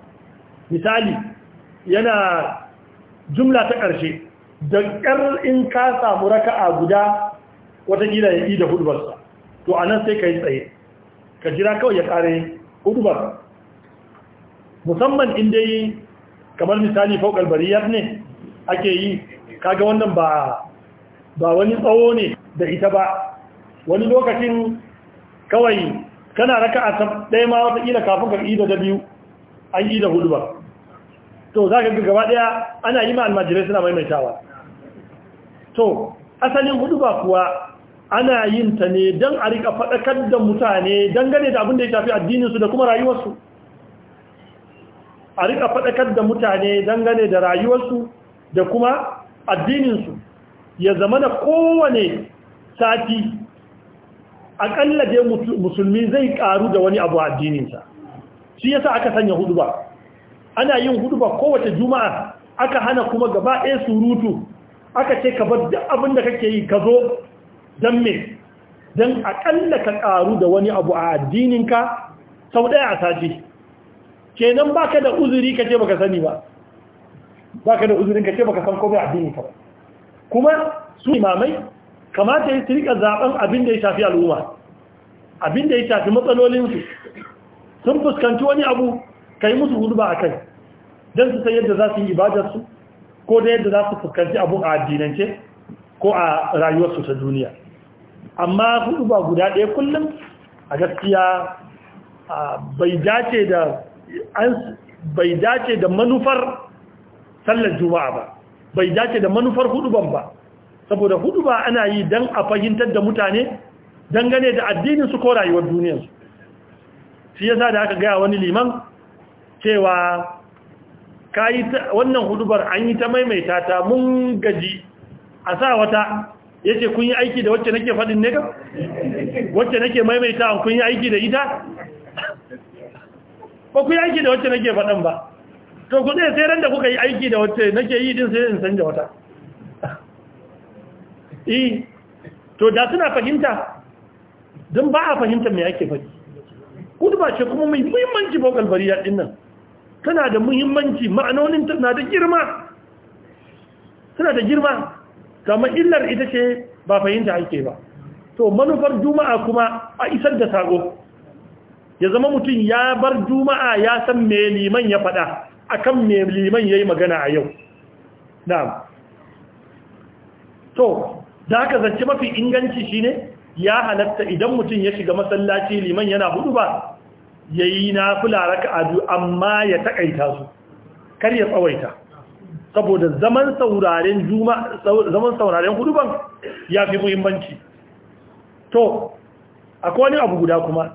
misali yana jumla ta ƙarshe da ƙar in ka samu raka'a guda watakila ya yi da hudubarsa to a nan sai ka yi tsaye ka jira kawai ya ƙare hudubar musamman inda yi kamar misali faukal bariyar ne ake yi kaga wannan ba wani tsawo ne da ita ba wani lokacin kawai kana raka a ɗaya ma wata ila kafin ka ida da biyu an ida hudu ba to za ka ƙi gaba ɗaya ana yi ma almajirai suna maimaitawa to asalin hudu ba kuwa ana yin ta ne don a rika faɗakar da mutane dangane da abin da ya shafi addininsu da kuma rayuwarsu a rika faɗakar da mutane dangane da rayuwarsu da kuma addininsu ya zama da kowane sati akalla dai musulmi zai karu da wani abu a addininsa shi yasa aka sanya huduba ana yin huduba kowace juma'a aka hana kuma gaba ɗaya surutu aka ce ka bar duk abin da kake yi ka zo don me don akalla ka karu da wani abu a addininka sau ɗaya a sati kenan baka da uzuri ka ce baka sani ba baka da uzurin ka ce baka san komai addininka ba kuma su imamai kamata ya su rika zaben abin da ya shafi al'umma abin da ya shafi matsalolinsu sun fuskanci wani abu ka yi musu hudu ba a kai don su san yadda za su yi ibadarsu ko da yadda za su fuskanci abu a addinance ko a rayuwarsu ta duniya amma hudu ba guda ɗaya kullum a gaskiya bai dace da manufar sallar juma'a ba bai dace da manufar huduban ba saboda hudu ba ana yi don a fahimtar da mutane dangane da addinin su ko rayuwar duniyarsu shi yasa da aka gaya wani liman cewa wannan hudubar an yi ta maimaita ta mun gaji a sa wata ya ce kun yi aiki da wacce nake faɗin ne ga wacce nake maimaita an kun yi aiki da ita ba ku yi aiki da wacce nake faɗin ba to ku zai sai ran da kuka yi aiki da wacce nake yi din sai in sanja wata eh to da suna fahimta don ba a fahimta me yake faɗi kuduba ce kuma mai muhimmanci baugal bariya din nan tana da muhimmanci ma'anonin tana da girma tana da girma kama illar ita ce ba fahimta ake ba to manufar juma'a kuma a isar da sago ya zama mutum ya bar juma'a ya san me liman ya faɗa akan me liman ya yi magana a yau na'am to da aka zance mafi inganci shi ne ya halatta idan mutum ya shiga masallaci liman yana hudu ba ya yi na fula raka adu amma ya takaita su kar ya tsawaita saboda zaman sauraren hudu ban ya fi muhimmanci to akwai wani abu guda kuma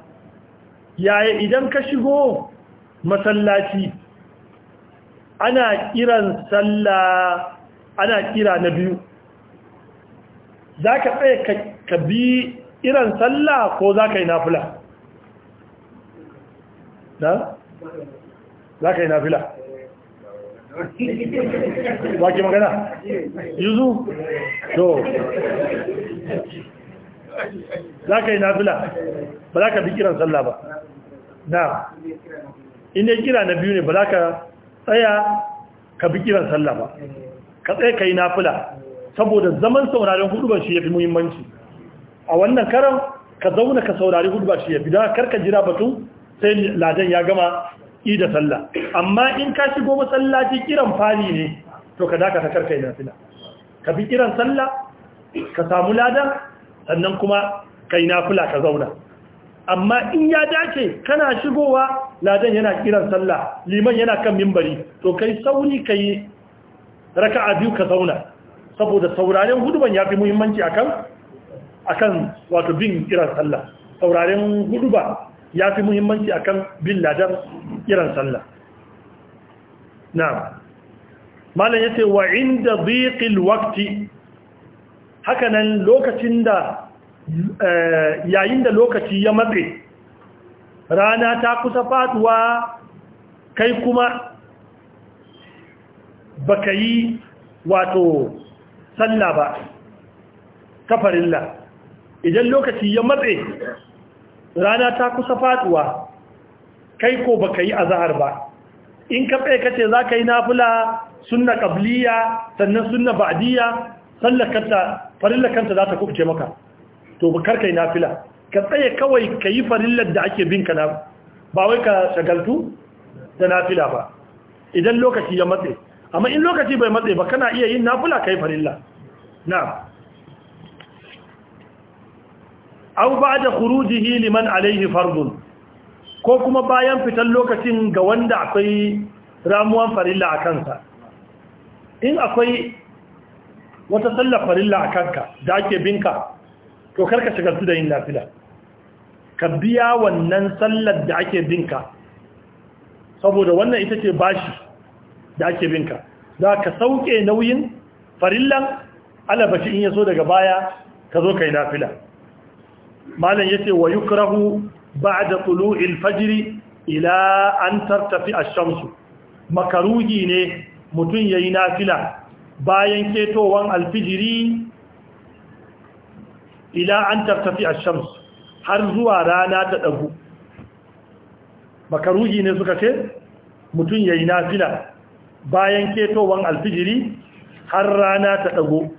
yaya idan ka shigo masallaci ana kiran ana kira na biyu za ka tsaye ka bi irin sallah ko za ka yi nafula, na? za ka yi nafula. ba ke magana? yuzu? to za ka yi nafula, ba za ka bi kiran sallah ba na inda kira na biyu ne ba za ka tsaya ka bi kiran sallah ba ka tsaye ka yi nafula. saboda zaman sauraren hudubar shi ya fi muhimmanci a wannan karan ka zauna ka saurari hudubar shi ya fi don karka jira batu sai ladan ya gama ida sallah amma in ka shigo masallaci kiran fari ne to ka dakata karka yi fila. ka bi kiran sallah ka samu ladan sannan kuma ka yi nafila ka zauna amma in ya dace kana shigowa ladan yana kiran sallah liman yana kan mimbari to kai sauri kai raka'a biyu ka zauna saboda sauraren huduban ya fi muhimmanci akan akan wato bin kiran sallah sauraren huduba ya fi muhimmanci akan bin ladan kiran sallah na'am malam yace wa inda dhiqil waqti hakanan lokacin da eh, yayin da lokaci ya matse rana ta kusa faduwa kai kuma baka yi wato sallah ba kafarilla idan lokaci ya matse rana ta kusa faduwa kai ko baka yi azahar ba in ka tsaye kace za ka yi nafula sunna qabliya sannan sunna ba'diya sallar kanta farillar kanta za ta kubuce maka to ba kar kai nafila ka tsaye kawai ka yi farillar da ake binka na ba wai ka shagaltu da nafila ba idan lokaci ya matse amma in lokaci bai matsayi ba kana iya yin nafula kai farilla na ba da kuruji liman alaihi fardun ko kuma bayan fitan lokacin ga wanda akwai ramuwan farilla a kansa in akwai wata sallar farilla a kanka da ake binka to karka su da yin nafila ka biya wannan sallar da ake binka saboda wannan ita ce bashi da ake binka za ka sauke nauyin farillan alabashi in yaso daga baya ka zo kai nafila malam yace wa yukrahu ba'da tulu'il fajr ila an tartafi ash-shamsu makaruhi ne mutun yayi nafila bayan ketowan alfijiri ila an tartafi ash-shams har zuwa rana ta dagu makarugi ne suka ce mutun yayi nafila bayan ketowan alfijiri har rana ta ɗago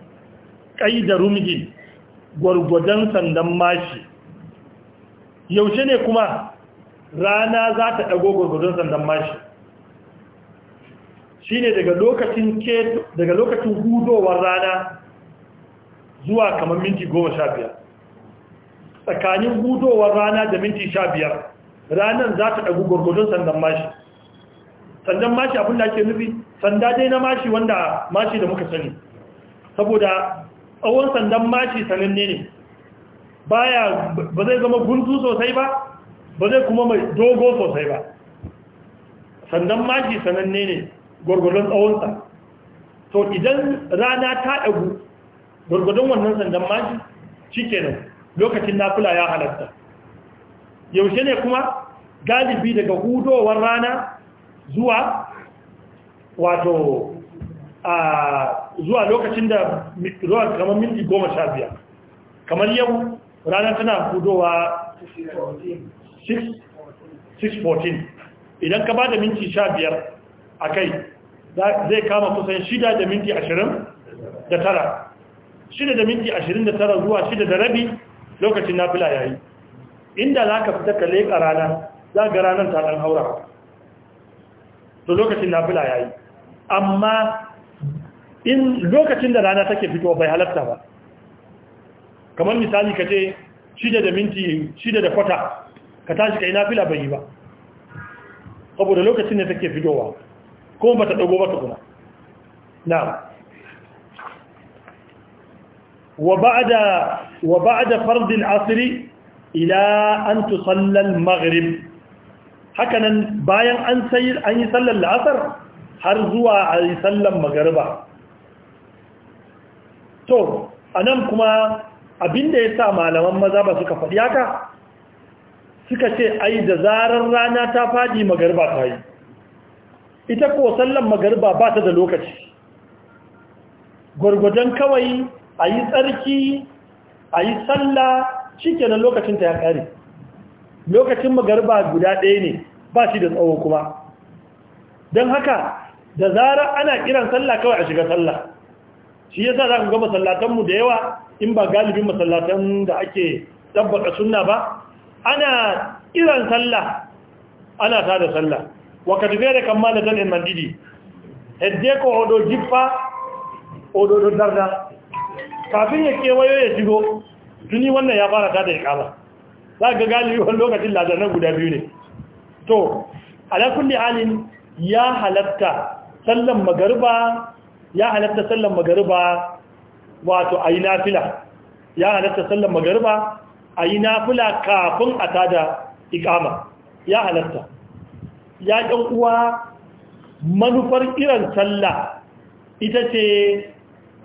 ƙai da rumhi gwargwadon sandan mashi yaushe ne kuma rana za ta ɗago gwargwadon sandan mashi shi ne daga lokacin hudowar rana zuwa kamar minti goma sha biyar tsakanin hudowar rana da minti sha biyar ranar za ta ɗago gwargwadon sandan mashi sandan mashi abinda da ake nufi sanda dai na mashi wanda mashi da muka sani saboda tsawon sandan mashi sananne ne baya ba zai zama guntu sosai ba ba zai kuma mai dogo sosai ba sandan mashi sananne ne gwargwadon tsawonsa to idan rana ta ɗagu gwargwadon wannan sandan mashi shi lokacin nafula ya halatta yaushe ne kuma galibi daga hudowar rana zuwa wato a zuwa lokacin da zuwa kamar minti goma sha biyar kamar yau ranar tana hudowa 614 idan ka ba da minti sha biyar a kai zai kama kusan shida da minti ashirin da tara shida da minti ashirin da tara zuwa shida da rabi lokacin na fila yayi inda za ka fita ka leƙa rana za ga ranar ta ɗan haura Da lokacin nafila ya yi amma in lokacin da rana take fito bai halatta ba kamar misali ka ce shida da minti shida da kwata ka tashi ka yi nafila bai yi ba saboda lokacin da take fitowa kuma ba ta ɗago ba ta kuna na wa ba'da fardin asiri ila an tusallal maghrib haka nan bayan an sayi an yi sallar la'asar har zuwa a yi sallar magariba to a nan kuma abinda ya sa malaman maza ba suka faɗi haka suka ce ai da zarar rana ta faɗi magariba ta yi ita ko sallar magariba ba ta da lokaci gwargwadon kawai a yi tsarki a yi sallah cikin kenan lokacinta ya ƙare lokacin magarba guda ɗaya ne ba shi da tsawo kuma don haka da zara ana kiran sallah kawai a shiga sallah shi yasa za ku ga masallatanmu da yawa in ba galibin masallatan da ake tabbata sunna ba ana kiran sallah ana ta da sallah wakati da kammala dan in mandidi hedde ko odo jiffa, odo do darda kafin ya kewayo ya shigo tuni wannan ya fara ta da ikama za ga galibi wani lokacin ladanan guda biyu ne to alakulli halin ya halatta sallan magariba ya halatta sallan magariba wato a yi nafila ya halatta sallan magariba a yi nafila kafin a tada ikama ya halatta ya ɗan uwa manufar irin sallah ita ce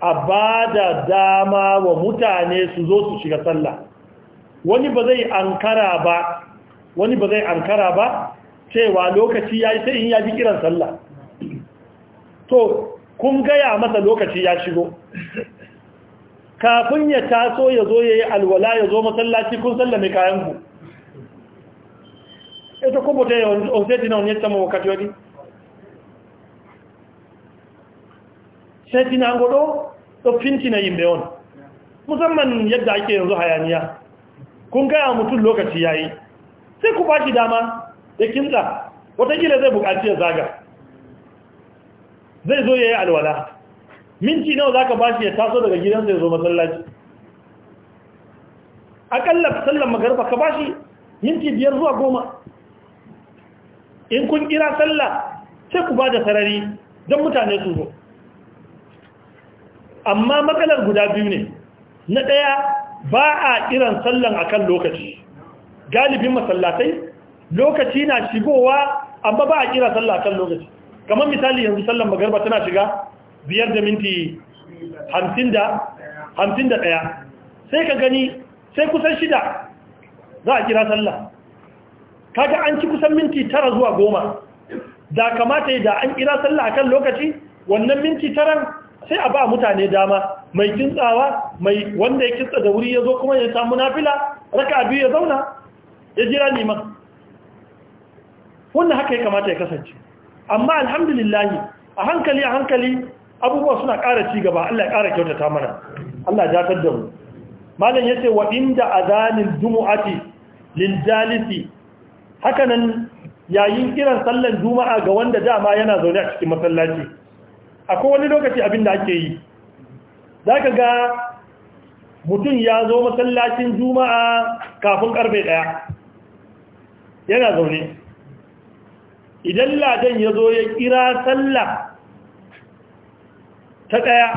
a ba da dama wa mutane su zo su shiga sallah wani ba zai ankara ba wani ba zai ankara ba cewa lokaci ya yi sai in ya ji kiran sallah to kun gaya masa lokaci ya shigo kafin ya taso ya zo ya yi alwala ya zo masallaci kun sallame ku ita kuma ta yawan oseti na wani oh, sama wakati wani sai tina godo tsoffin tina yin bayon musamman yadda ake yanzu hayaniya kun gaya mutum lokaci ya yi sai ku bashi dama ya kinta watakila zai bukaci ya zaga zai zo ya yi alwala minti nawa za ka ba ya taso daga gidansa ya zo masallaci akalla sallan magarba ka bashi minti biyar zuwa goma in kun kira sallah sai ku ba da sarari don mutane su zo amma matsalar guda biyu ne na ɗaya ba a kiran sallan a kan lokaci galibin masallatai lokaci na shigowa amma ba a kira sallah kan lokaci kamar misali yanzu sallan magarba tana shiga biyar da minti hamsin da ɗaya sai ka gani sai kusan shida za a kira sallah kaga an ci kusan minti tara zuwa goma da kamata da an kira sallah kan lokaci wannan minti taran sai a ba mutane dama mai kintsawa mai wanda ya kintsa da wuri ya zo kuma ya samu nafila raka biyu ya zauna ya jira neman wannan haka ya kamata ya kasance amma alhamdulillahi, a hankali a hankali abubuwa suna ƙara ci gaba Allah ya ƙara kyautata mana Allah ya da mu malam yace wa inda azanil jumu'ati lil jalisi hakanan yayin kiran sallan juma'a ga wanda dama yana zaune a cikin masallaci akwai wani lokaci abin da ake yi za ka ga mutum ya zo masallacin juma'a kafin karfe ɗaya yana zaune idan ladan ya zo ya kira sallah ta ɗaya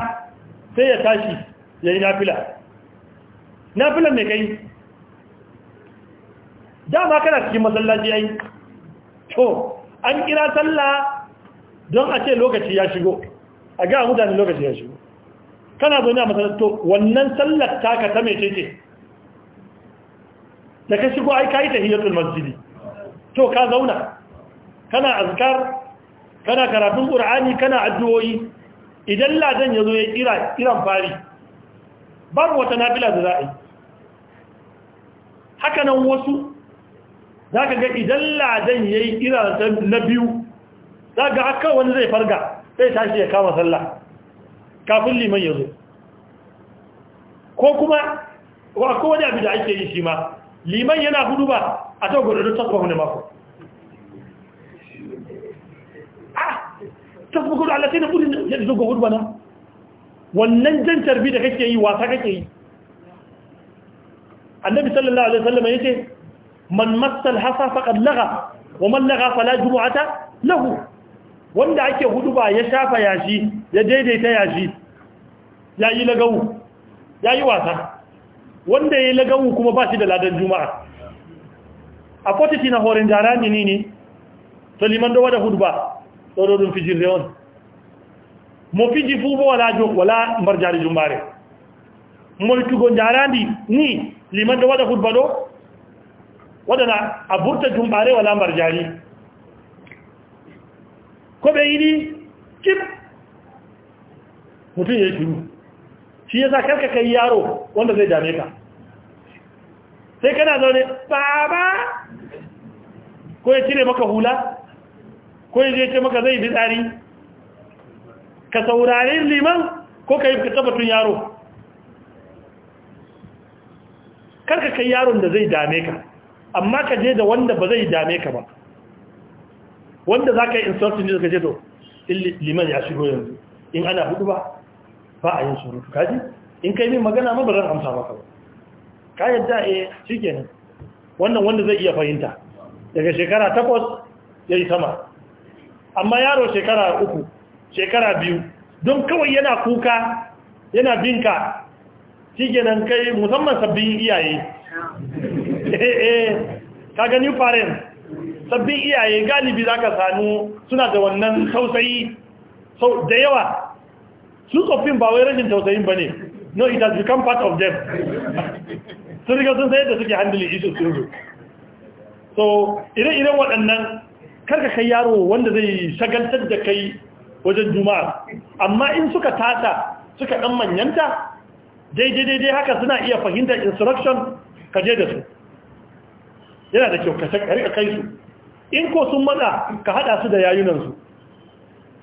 sai ya tashi ya yi nafila nafilan mai kai dama kana cikin masallaci ai to an kira sallah don a ce lokaci ya shigo a ga mutane lokaci ya shigo kana zo ne a masarar wannan sallar taka ta mece ce da ka shigo ai ka yi ta hiyatul masjidi to ka zauna kana azkar kana karatun ƙur'ani kana addu'o'i idan ladan ya zo ya kira kiran fari bar wata nafila da za'a yi haka nan wasu za ka ga idan ladan ya yi kira na biyu za ga haka wani zai farga sai tashi ya kama sallah kafin liman ya zo ko kuma ko wani abu da ake yi shi ma liman yana hudu ba a ta gudu tasbahu wani mako ah ta da Allah sai na gudu ya zo gudu bana wannan jan tarbi da kake yi wasa kake yi annabi sallallahu alaihi wasallam yace man massa hasa faqad laga wa man laga fala jumu'ata lahu wanda ake huduba ya shafa yashi ya daidaita yashi ya yi lagawu ya yi wasa wanda ya yi lagawu kuma ba shi da ladan juma'a a kwatiti na horin jara ne ne to liman da wada huduba tsororin fijir da mo fiji fubo wala jo wala marjari jumare mo jara jarandi ni liman da wada huduba do wadana aburta jumare wala jari. ko bai yi ni kip mutum ya yi tunu, shi ya sa karka kai yaro wanda zai dame ka sai kana zaune baba ko ya cire maka hula ko ya je ce maka zai bi tsari ka saurari liman ko ka yi tabbatun yaro karka kai yaron da zai dame ka amma ka je da wanda ba zai dame ka ba wanda za ka yi insultin ne ka ce to liman ya shigo yanzu in ana hudu ba ba a yin surutu kaji in kai min magana ma ba zan amsa maka ba ka yadda eh shikenan wannan wanda zai iya fahimta daga shekara takwas ya yi sama amma yaro shekara uku shekara biyu don kawai yana kuka yana binka nan kai musamman sabbin iyaye <laughs> eh eh ka gani parents sabbin iyaye galibi za ka samu suna da wannan tausayi da yawa su tsoffin ba wai rashin tausayin ba ne no it has become part of them <laughs> sun riga sun sayar da suke handling issues din su so ire-iren waɗannan karka kai yaro wanda zai shagaltar da kai wajen juma'a amma in suka tata suka ɗan manyanta daidai-daidai haka suna iya fahimtar instruction ka je da su yana da kyau ka rika kai su in ko sun matsa ka haɗa su da yayunansu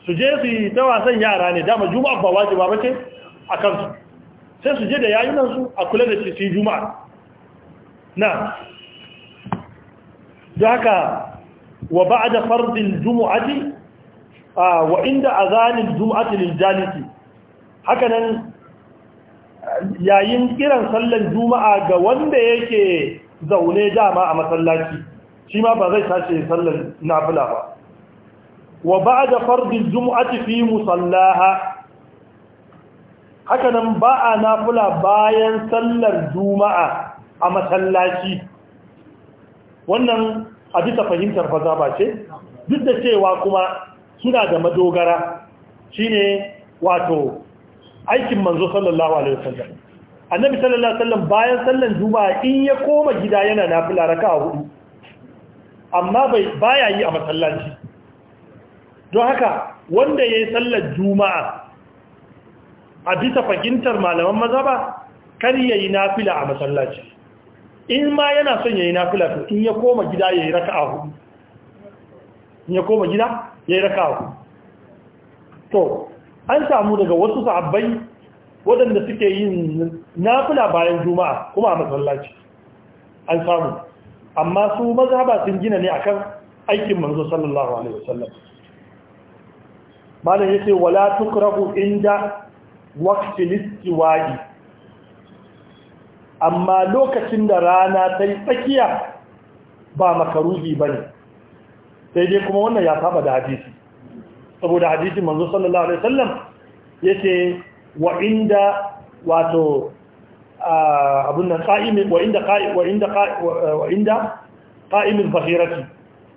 su je su yi ta wasan yara ne dama juma'a ba waje ba bace a kansu sai su je da yayunansu a kula da su juma'a na da haka wa ba da fardin juma'ati wa inda azanin juma'ati liljaniti haka nan yayin kiran sallan juma'a ga wanda yake zaune dama a masallaci shi ma ba zai tashi sallar nafila ba wa ba'da fardil jumu'ati fi musallaha haka nan ba a nafila bayan sallar juma'a a masallaci wannan a fahimtar faza ba ce duk da cewa kuma suna da madogara shine wato aikin manzo sallallahu alaihi wasallam annabi sallallahu alaihi wasallam bayan sallan juma'a in ya koma gida yana nafila raka'a hudu amma bai baya yi a masallaci don haka wanda ya yi sallar juma'a a bisa fahimtar malaman maza ba kar ya yi nafila a masallaci in ma yana son ya yi nafila to in ya koma gida ya yi raka a hudu in ya koma gida ya yi raka a hudu to an samu daga wasu sahabbai waɗanda suke yin nafila bayan juma'a kuma a masallaci an samu amma su mazhaba sun gina ne akan aikin manzo sallallahu alaihi wasallam malam yace wala tukrahu inda waqti istiwa'i amma lokacin da rana ta tsakiya ba makaruhi bane sai dai kuma wannan ya saba da hadisi saboda hadisin manzo sallallahu alaihi wasallam yace wa inda wato Abin nan qa'imin wa'inda, inda qa'i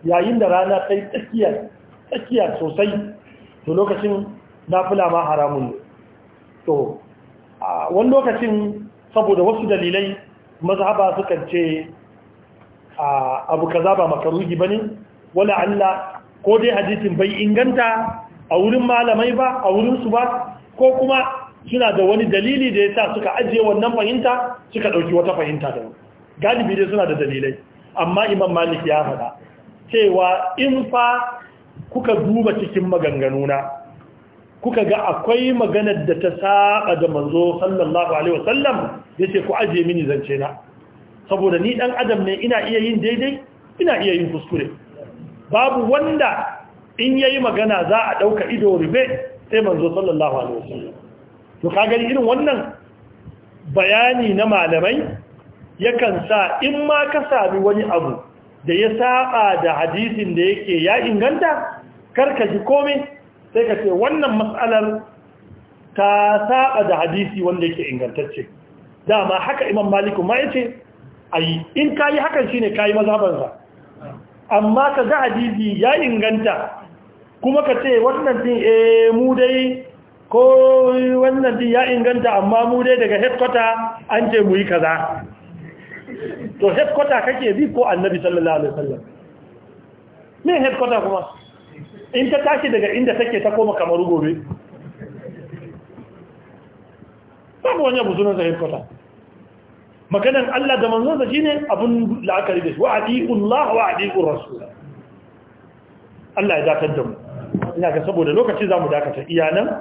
yayin da rana sai tsakiya tsakiya sosai to lokacin nafila ma haramun ne to wani lokacin saboda wasu dalilai mazhaba sukan ce abu kaza ba makaruhi bane wani Allah ko dai hadisin bai inganta a wurin malamai ba a wurinsu ba ko kuma suna da wani dalili da ya sa suka ajiye wannan fahimta suka ɗauki wata fahimta da galibi dai suna da dalilai amma imam malik ya faɗa cewa in fa kuka duba cikin maganganuna kuka ga akwai maganar da ta saba da manzo sallallahu alaihi wasallam yace ku ajiye mini zance na saboda ni dan adam ne ina iya yin daidai ina iya yin kuskure babu wanda in yayi magana za a dauka ido rufe sai manzo sallallahu alaihi wasallam to kaga irin wannan bayani na malamai yakan sa in ma ka sami wani abu da ya saba da hadisin da yake ya inganta karka ji komai sai ka ce wannan matsalar ta saba da hadisi wanda yake ingantacce dama haka imam maliku ma yace ayi in kayi hakan shine kayi mazhabansa amma ka ga hadisi ya inganta kuma ka ce wannan din eh mu dai ko wannan din ya inganta amma mu dai daga headquarter an ce mu yi kaza to headquarter kake bi ko annabi sallallahu alaihi wasallam me headquarter kuma in ta tashi daga inda take ta koma kamar gobe babu wani abu sunan sa headquarter maganan Allah da manzon sa shine abun la'akari da shi wa Allah wa adiqur rasul Allah ya dakatar da mu ina ga saboda lokaci zamu dakata iyanan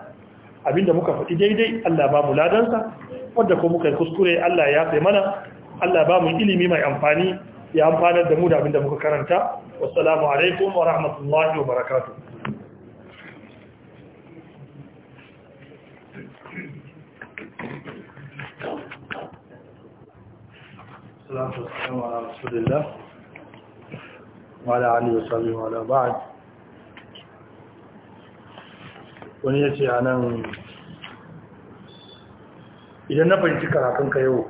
abinda muka faɗi daidai Allah ba mu ladansa wanda ko muka kuskure Allah ya sai mana Allah ba mu ilimi mai amfani ya amfanar da mu da abinda muka karanta wassalamu alaikum wa rahmatullahi wa barakatuh السلام عليكم ورحمة الله وعلى آله وصحبه وعلى بعد wani ya ce a nan idan na fahimci ka yau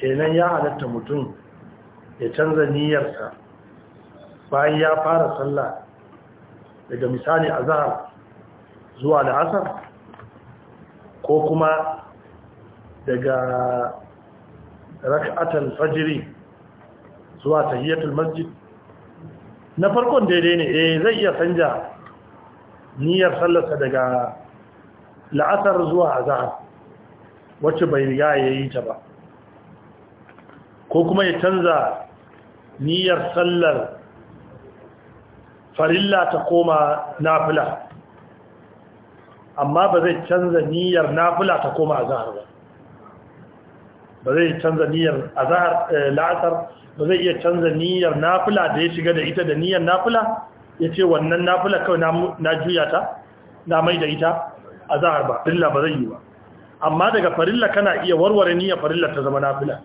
kenan ya halatta mutum ya canza niyyarsa bayan ya fara sallah daga misali a zahar zuwa asar ko kuma daga rak'atan fajiri zuwa tahiyatul masjid na farkon daidai ne eh zai iya canja niyyar sallarsa daga la'asar zuwa azahar wacce bai riga ya yi ta ba ko kuma ya canza niyyar sallar farilla ta koma nafila amma ba zai canza niyyar nafila ta koma azahar ba ba zai canza niyyar azhar eh, la'asar ba zai iya canza niyyar nafila da ya shiga da ita da niyyar nafila ya ce wannan nafila kawai na juya ta na mai da ita azhar ba farilla ba zai yi ba amma daga farilla kana iya warware niyyar farilla ta zama nafila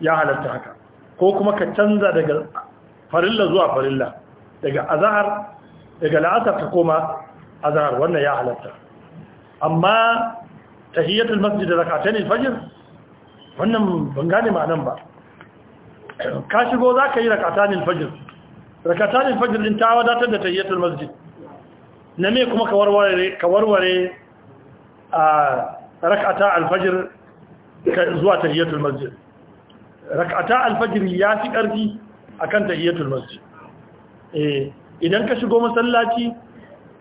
ya halatta haka ko kuma ka canza daga farilla zuwa farilla daga azhar daga la'asar ka koma azhar wannan ya halatta amma tahiyatul masjid da al-fajr wannan ban gane ma'anan ba ka shigo za ka yi rakatanin fajir rakatanin fajir din ta wadatar da tayyatul masjid na me kuma ka warware a rakata alfajir zuwa tayyatul masjid rakata alfajir ya fi ƙarfi akan tayyatul masjid eh, idan ka shigo masallaci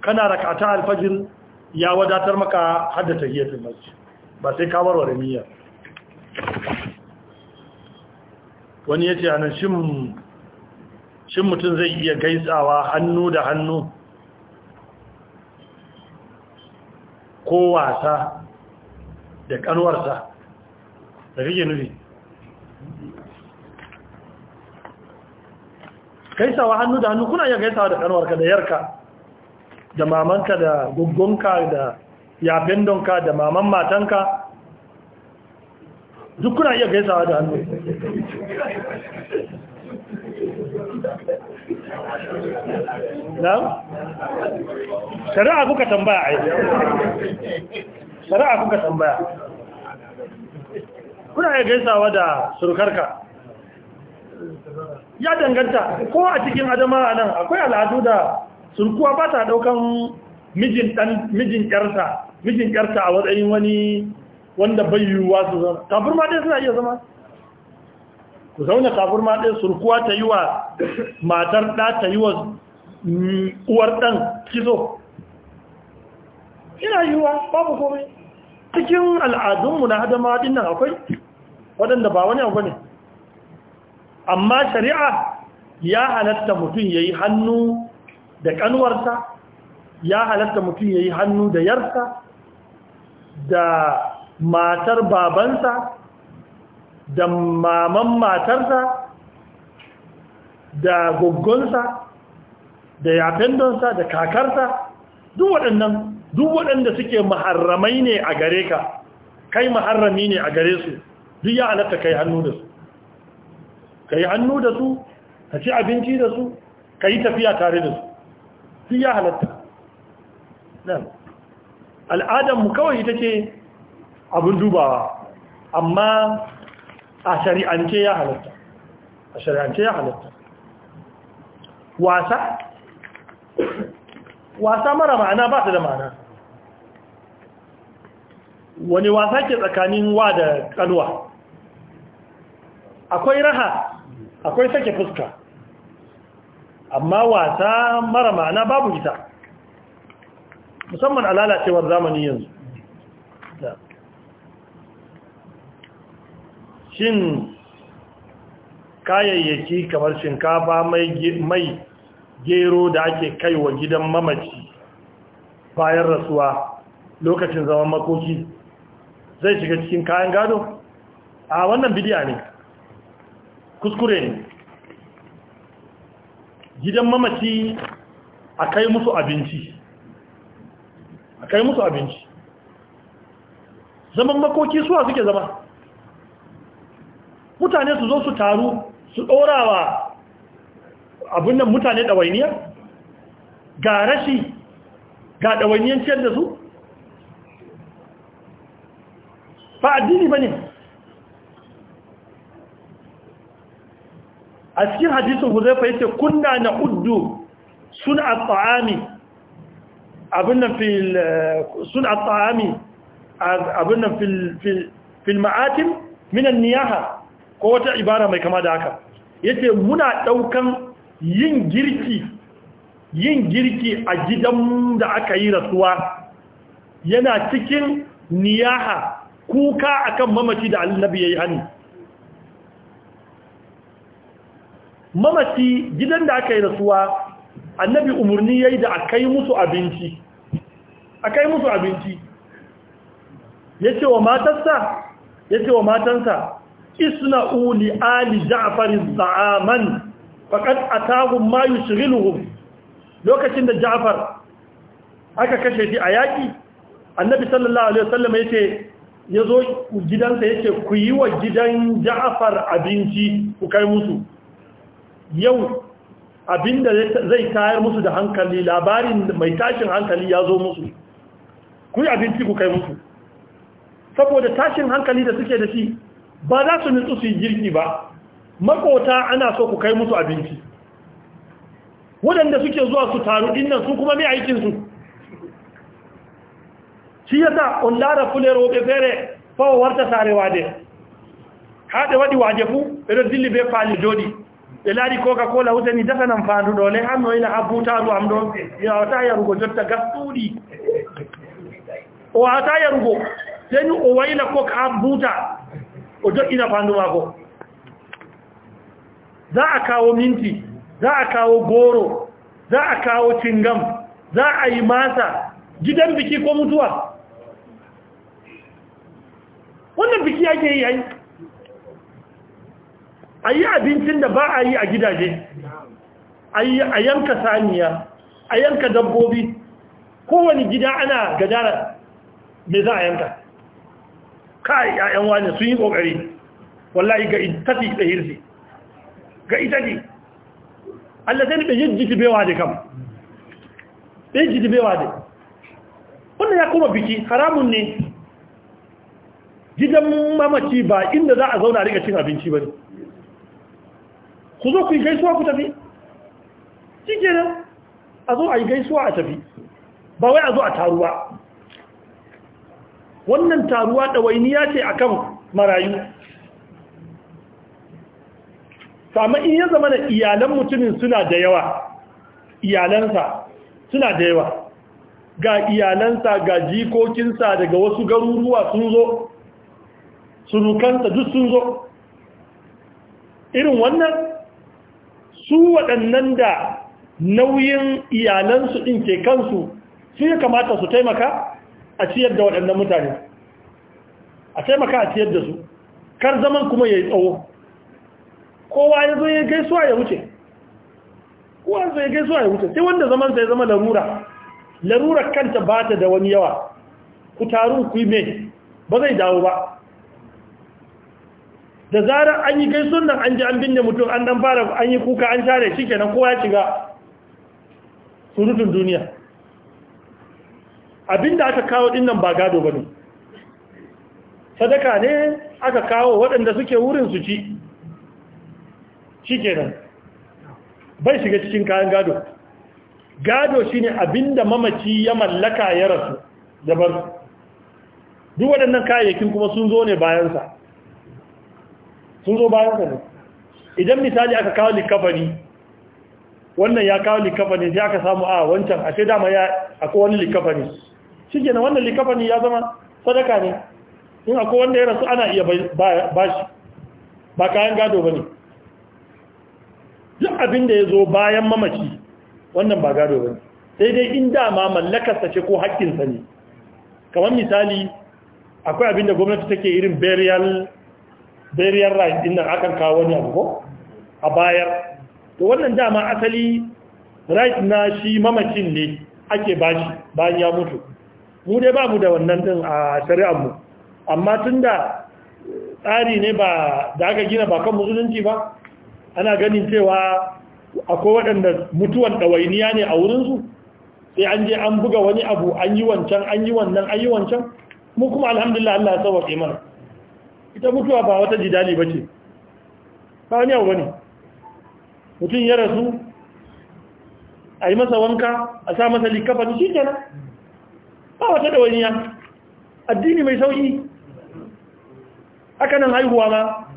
kana rakata alfajir ya wadatar maka hadda tayyatul masjid ba sai ka warware miya. wani ya ce ana shin mutum zai iya gaisawa hannu da hannu ko wasa da kanwarsa da kake nufi gaisawa hannu da hannu kuna iya gaisawa da kanwarka da yarka da mamanka da gugunka da donka da maman matanka duk kuna iya gaisawa da hannu na? shari'a kuka tambaya a shari'a kuka tambaya kuna iya gaisawa da surukarka ya danganta ko a cikin adama nan akwai al'adu da surkuwa ba ta daukan mijin ƙarsa a matsayin wani wanda bai yiwuwa su zama kafin ma ɗaya suna iya zama ku zauna kafin ma ɗaya surkuwa ta yi wa matar ɗa ta yi wa uwar ɗan kizo ina yiwuwa babu komai cikin al'adunmu na hadama ɗin akwai waɗanda ba wani abu ne amma shari'a ya halatta mutum ya yi hannu da ƙanwarta, ya halatta mutum ya yi hannu da yarsa da matar babansa da maman matarsa da goggonsa da yafendonsa da kakarsa duk waɗannan duk waɗanda suke maharramai ne a gare ka kai maharrami ne a gare su duk ya halatta kai hannu da su kai hannu da su ka ci abinci da su ka yi tafiya tare da su duk ya halatta al'adarmu kawai ita ce abin dubawa amma a shari'ance ya halatta a shari'ance ya halatta wasa wasa mara ma'ana ba ta da ma'ana wani wasa ke tsakanin wa da kalwa akwai raha akwai sake fuska amma wasa mara ma'ana babu gita musamman a lalacewar zamani yanzu shin kayayyaki kamar shinkafa mai gero da ake kai wa gidan mamaci bayan rasuwa lokacin zaman makoki zai shiga cikin kayan gado a wannan bidiya ne kuskure ne gidan mamaci a kai musu abinci a kai musu abinci zaman makoki suwa suke zama mutane su zo su taru su ɗorawa abin nan mutane ɗawainiya ga rashi ga ɗawainiyan ciyar da su ba addini ba ne a cikin hadisun huzaifa yake kunna na uddu sun a tsa'ami abin nan fil sun a tsa'ami abin nan fil ma'atim minan niyaha ko wata ibara mai kama da haka Ya ce muna ɗaukan yin girki yin girki a gidan da aka yi rasuwa yana cikin niyaha kuka akan mamaci da annabi yi hannu mamaci gidan da aka yi rasuwa annabi umarni ya yi da akai musu abinci akai musu abinci yace wa matarsa ce wa matansa isna'u li ali ja'far za'aman faqad atahum ma yushghiluhum lokacin da ja'far aka kashe shi a yaki annabi sallallahu alaihi wasallam yace yazo gidansa yace ku yi wa gidan ja'far abinci ku kai musu yau abinda zai tayar musu da hankali labarin mai tashin hankali ya musu ku yi abinci ku kai musu saboda tashin hankali da suke da shi ba za su nutsu su yi girki ba makota ana so ku kai musu abinci waɗanda suke zuwa su taru dinnan su kuma mai aikinsu shi yasa on lara fule roɓe fere fawo warta sare wade haɗe waɗi waje fu ɓeɗo dilli be pali joɗi ɓe laari coca cola ni dafa nan fandu ɗo le hanno ina habbutaru am ɗo yawata yarugo jotta gastuɗi o wawata yarugo seni o waila kok abuta. Ojo ina fandu mako za a kawo minti za a kawo goro za a kawo cingam za a yi masa gidan biki ko mutuwa wannan biki ake yi ai a yi abincin da ba a yi a gidaje a yanka saniya a yanka dabbobi kowane gida ana gadara me za a yanka kai ƴaƴan wani sun yi kokari wallahi ga itati da hirsi ga itati Allah sai da jiji bai da kam jiji bai da wannan ya kuma biki haramun ne gidan mamaci ba inda za a zauna rika cin abinci ba ne ku zo ku yi gaisuwa ku tafi cike nan a zo a yi gaisuwa a tafi ba wai a zo a taruwa wannan taruwa ɗawainiya ce akan marayu sami iya zama da iyalan mutumin suna da yawa iyalansa suna da yawa ga iyalansa ga jikokinsa daga wasu garuruwa sun zo surukansa duk sun zo irin wannan su waɗannan da nauyin iyalansu ɗin ke kansu su ya kamata su taimaka a ciyar da waɗannan mutane a taimaka a ciyar da su kar zaman kuma ya yi tsawo kowa ya zo ya gaisuwa ya wuce kowa ya zo ya gaisuwa ya wuce sai wanda zaman sai zama larura larura kanta ba ta da wani yawa ku taru ku yi mai ba zai dawo ba da zarar an yi gaisuwan nan an ji an binne mutum an dan fara an yi kuka an share shi kenan kowa ya shiga surutun duniya Abin da aka kawo dinnan ba gado bane sadaka ne aka kawo waɗanda suke wurin su ci shikenan bai shiga cikin kayan gado gado shine abinda mamaci ya mallaka ya rasu da bar duk waɗannan kayayyakin kuma sun zo ne bayansa sun zo bayansa ne idan misali aka kawo likafani wannan ya kawo likafani sai aka samu a ah, wancan ashe dama ya akwai wani likafani shi na wannan likafani ya zama sadaka ne in akwai wanda ya rasu ana iya bashi ba kayan gado ba ne duk abin da ya zo bayan mamaci wannan ba gado ba ne sai dai in dama mallakarsa ce ko haƙƙinsa ne kamar misali akwai abin da gwamnati take irin burial burial right din nan akan kawo wani abu ko a bayar to wannan dama asali right na shi mamacin ne ake bashi bayan ya mutu mu dai ba mu da wannan din a shari'armu amma tun da tsari ne ba da aka gina ba kan musulunci ba ana ganin cewa akwai waɗanda mutuwan ɗawainiya ne a wurinsu sai an je an buga wani abu an yi wancan an yi wannan an yi wancan mu kuma alhamdulillah Allah ya sauwaƙe mana ita mutuwa ba wata jidali ba ce ba wani abu ba ne mutum ya rasu a yi masa wanka a sa masa likafani shi kenan ba wata da waniya addini mai sauki hakanan haihuwa ma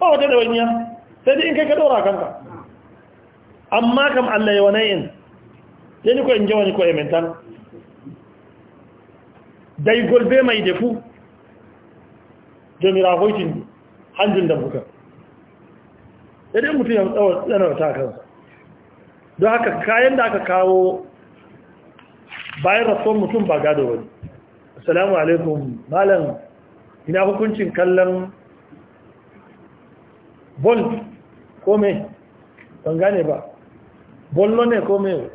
ba wata da waniya sai dai in kai ka dora kanka amma kam Allah ya wani in ya ni ko in ji wani ko ementan dai golbe mai dafu jomira hoitin hanjin da buka sai dai mutum ya tsawar tsanarwa ta kansa don haka kayan da aka kawo bayan rasuwan mutum ba gado wani assalamu alaikum malam ina hukuncin kallon bol kome ban gane ba bollo ne kome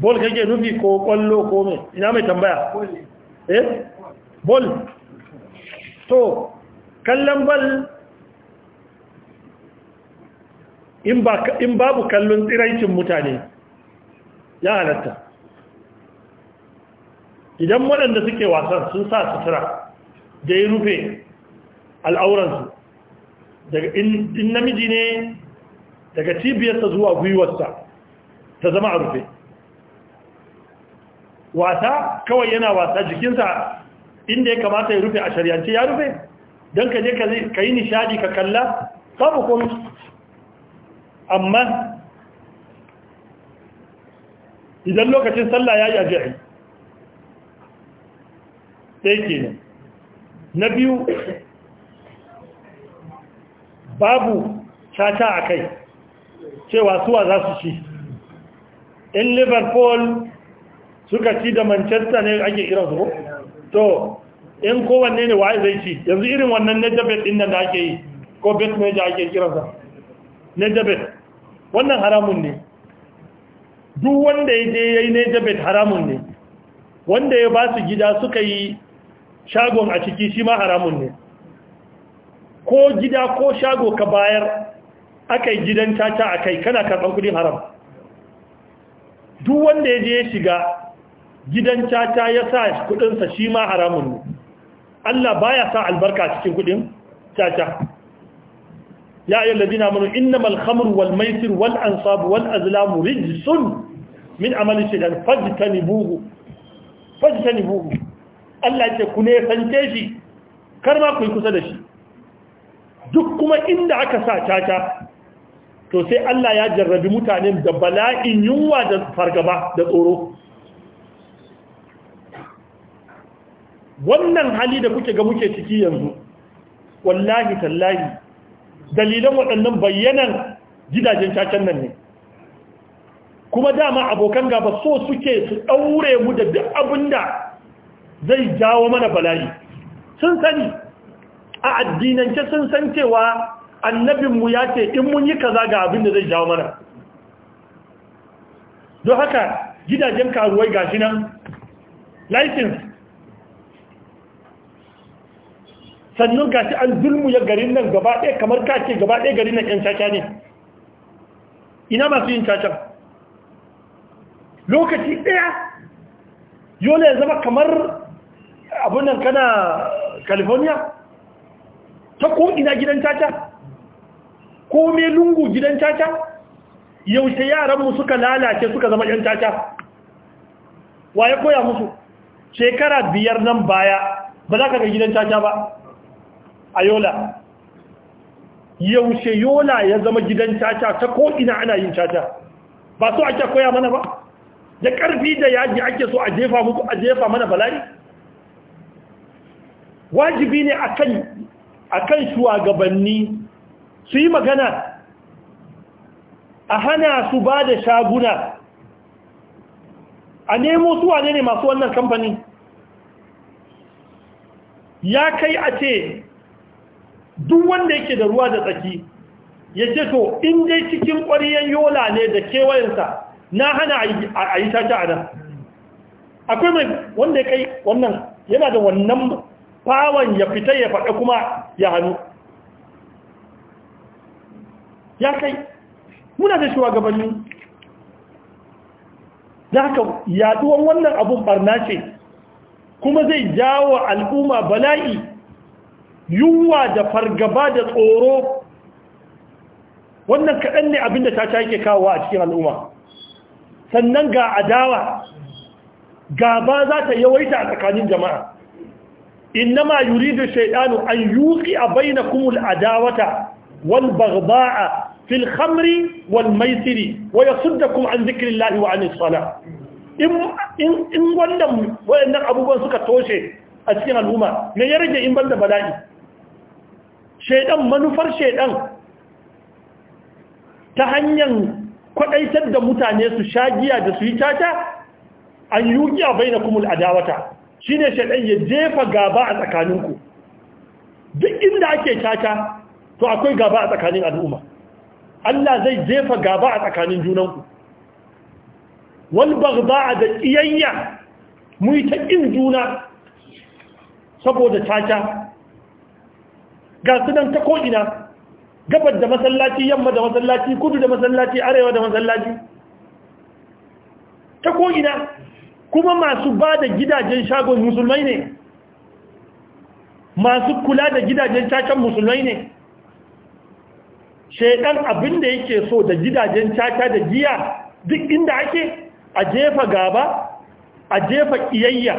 bol kake nufi ko kwallo kome ina mai tambaya eh bol to kallon bal in babu kallon tsiraicin mutane ya halatta idan waɗanda suke wasan sun sa sutura da ya rufe al'auransu daga in namiji ne daga cibiyarsa zuwa gwiwarsa ta zama a rufe wasa kawai yana wasa jikinsa inda ya kamata ya rufe a shari'ance ya rufe don ka je ka yi nishadi ka kalla sabu komi amma idan lokacin sallah ya yi a ɗaya kenan na biyu babu caca a kai cewa suwa za su ci in liverpool suka ci da manchester ne ake irin su to in kowanne ne waye zai ci yanzu irin wannan na dabet din nan da ake yi ko bet major ake kiransa na dabet wannan haramun ne duk wanda ya je ya yi na dabet haramun ne wanda ya ba su gida suka yi shagon a ciki shi ma haramun ne ko gida ko shago ka bayar aka yi gidan caca a kai kana karɓar kudin haram duk wanda ya je ya shiga gidan caca ya sa kudinsa shi ma haramun ne Allah baya sa albarka cikin kudin caca ya ayyul ladina amanu innamal khamru wal maisir wal ansab wal azlam rijsun min amali shaytan fajtanibuhu fajtanibuhu Allah ce ku ne sance shi kar ma ku yi kusa da shi duk kuma inda aka sa caca to sai Allah ya jarrabi mutanen da bala'in yunwa da fargaba da tsoro wannan hali da kuke ga muke ciki yanzu wallahi tallahi dalilan waɗannan bayyanan gidajen cacan nan ne kuma dama abokan gaba so suke su ɗaure mu da duk abin da zai jawo mana bala'i sun sani a addinance sun san cewa annabinmu ya ce in mun yi kaza ga abin da zai jawo mana don haka gidajen karuwai gashi nan license sannan gashi an zulmu ya garin nan gaba ɗaya kamar kace gaba ɗaya garin nan ƴan caca ne ina masu yin caca lokaci ɗaya yola ya zama kamar abunan nan kana california ta ko ina gidan caca ko me lungu gidan caca yaushe yaranmu suka lalace suka zama yan caca waye koya musu shekara biyar nan baya ba za ka ga gidan caca ba a yola yaushe yola ya zama gidan caca ta ko ina ana yin caca ba so ake koya mana ba da ƙarfi da yaji ake so a jefa muku a jefa mana bala'i wajibi ne akan kan shugabanni su yi magana a hana su ba da shaguna a nemo su wane ne masu wannan kamfani ya kai a ce duk wanda yake da ruwa da tsaki ya ce to in dai cikin ƙwariyan yola ne da kewayensa na hana a yi ta a akwai mai wanda ya kai wannan yana da wannan bawan ya fita ya faɗa kuma ya hannu ya kai muna da gabanni za haka yaduwan wannan abun barna ce kuma zai jawo al'umma bala'i yunwa da fargaba da tsoro wannan kaɗan ne abin da ta ta yake kawo a cikin al'umma sannan ga adawa gaba za ta yawaita a tsakanin jama'a innama da shaytanu an yuqi'a bainakum al-adawata wal baghda'a fil khamri wal maisiri wa yasuddakum an dhikrillahi wa anis salah in wannan abubuwan suka toshe a cikin al'umma me ya rage in banda bala'i shaydan manufar shaydan ta hanyar kwadaitar da mutane su sha giya da su yi tata an baina kumul al-adawata Shi ne shaɗan ya jefa gaba a tsakaninku duk inda ake caca to akwai gaba a tsakanin al'umma Allah zai jefa gaba a tsakanin junanku ba a da iyayya mu yi ta ƙin juna saboda caca ga su nan ta ko'ina gabar da masallaci yamma da masallaci kudu da masallaci arewa da masallaci ta ko'ina kuma masu ba da gidajen shagon musulmai ne masu kula da gidajen cacan musulmai ne shaidan abin da yake so da gidajen caca da giya duk inda ake a jefa gaba a jefa kiyayya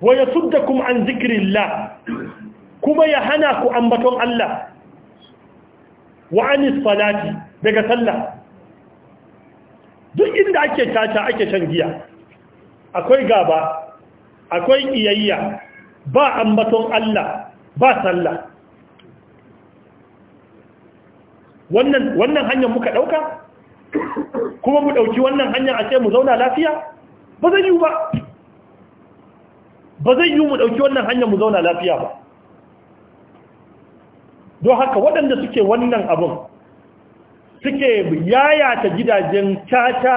wa ya sudda kuma an la? kuma ya hana ku ambaton Allah wa anis falati daga sallah duk inda ake caca ake can giya akwai gaba akwai iyayya ba ambaton Allah ba sallah wannan wannan hanyar muka dauka <coughs> kuma mu dauki wannan hanyar a ce mu zauna lafiya ba zai yi ba ba zai yi mu dauki wannan hanyar mu zauna lafiya ba don haka waɗanda suke wannan abun suke yayata gidajen caca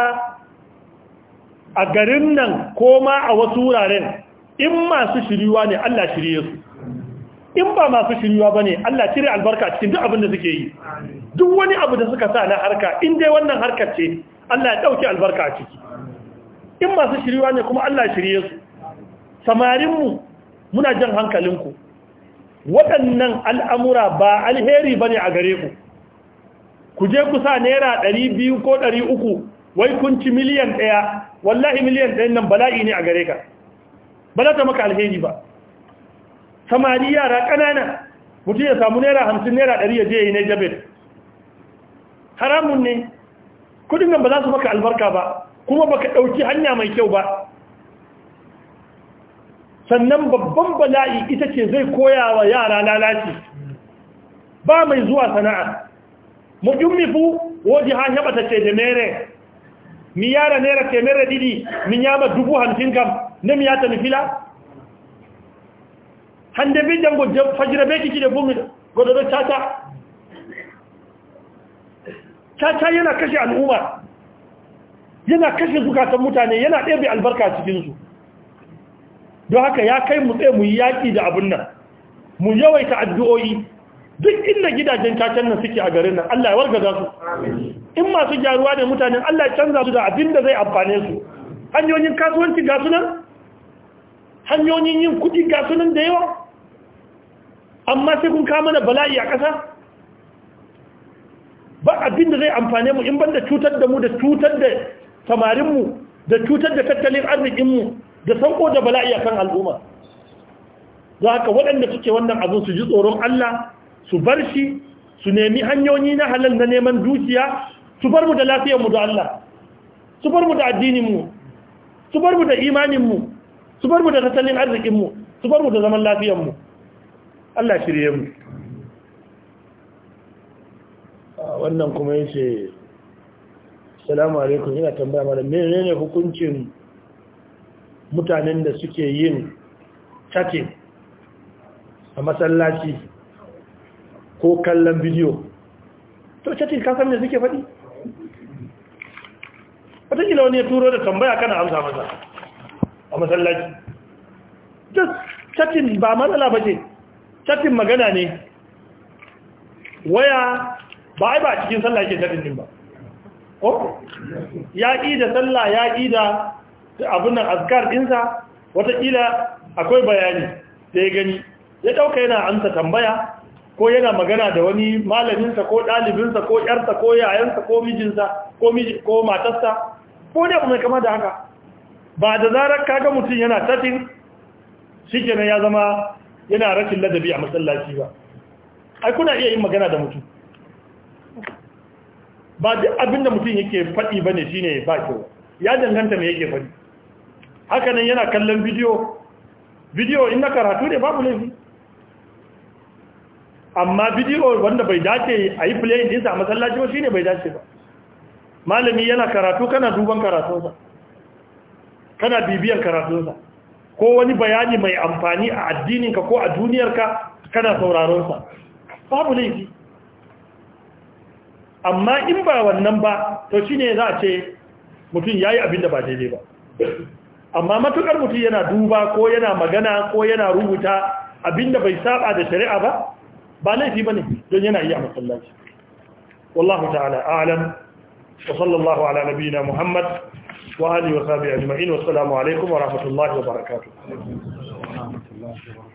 a garin nan ko ma a wasu wuraren in masu shiriwa ne Allah shirye su in ba masu shiriwa ba ne Allah cire albarka cikin duk abin da suke yi duk wani abu da suka sa na harka in dai wannan harkar ce Allah ya ɗauki albarka a ciki in masu shiriwa ne kuma Allah shirye su samarinmu muna jan hankalinku waɗannan al'amura ba alheri ba ne a gare ku ku je ku sa naira 200 biyu ko 300 uku wai kun ci miliyan ɗaya wallahi miliyan ɗayan nan bala'i ne a gare ka ba za ta maka alheri ba samari yara ƙanana mutum ya samu naira hamsin naira 100 ya je ya yi na jabir haramun ne kudin nan ba za su maka albarka ba kuma baka ɗauki hanya mai kyau ba sannan babban bala'i ita ce zai koya wa yara lalaci ba mai zuwa sana'a mo fu wodi ha heɓata cede mere mi yara nera mere ɗiɗi mi ñaama dubu hamsin kam ne mi yata mi fila hande be janngo fajira be kiki de mi goɗo ɗo caca caca yana kashe al'umma yana kashe zukatan mutane yana ɗebe albarka cikinsu don haka ya kai mu tsaye mu yi yaƙi da abin nan mu yawaita addu'o'i duk inda gidajen cacan nan suke a garin nan Allah ya wargaza su in masu jaruwa ne mutanen Allah ya canza su da abin da zai amfane su hanyoyin kasuwanci ga nan, hanyoyin yin kudi ga nan da yawa amma sai kun kama na bala'i a ƙasa ba abin da zai amfane mu in banda cutar da mu da cutar da samarinmu da cutar da tattalin arzikinmu da sanko da bala'i a kan al'umma za haka waɗanda suke wannan abin su ji tsoron Allah su bar shi su nemi hanyoyi na halal na neman dukiya su bar mu da lafiyar mu da Allah su bar mu da addinin mu su bar mu da imanin mu su bar mu da tattalin arzikin mu su bar mu da zaman lafiyar mu Allah shirye mu wannan kuma yace assalamu alaikum ina tambaya mana menene hukuncin mutanen da suke yin chatting a masallaci ko kallon bidiyo to cacin kasan da suke faɗi gina wani ya turo da tambaya kana amsa masa a masallaci just ba matsala ba ce cacin magana ne waya ba a yi ba a cikin sallah ke cacin din ba ya ƙi da sallah ya ƙi da abinan nan dinsa ɗinsa watakila akwai bayani da ya gani ya ɗauka yana amsa tambaya ko yana magana da wani malaminsa ko ɗalibinsa ko ƴarsa ko yayansa ko mijinsa ko matarsa ko da mai kama da haka ba da zarar kaga mutum yana tatin shi kenan ya zama yana rashin ladabi a masallaci ba ai kuna iya yin magana da mutum ba duk abinda mutum yake faɗi ba ne shi ne ba kyau ya danganta mai yake faɗi hakanan yana kallon bidiyo bidiyo in na karatu ne babu laifi amma bidiyo wanda bai dace a yi playing dinsa a masallaci ba ne bai dace ba malami yana karatu kana duban karatunsa kana bibiyan karatunsa ko wani bayani mai amfani a addininka ko a duniyarka kana sauraronsa babu laifi amma in ba wannan ba to ne za a ce mutum ya yi abin da ba daidai ba amma matukar mutum yana duba ko yana magana ko yana rubuta abin da bai saba da shari'a ba ba laifi bane don yana yi a masallaci wallahu ta'ala a'lam wa sallallahu ala nabiyyina muhammad wa hali wa sahbihi ajma'in wa assalamu alaikum wa rahmatullahi wa barakatuh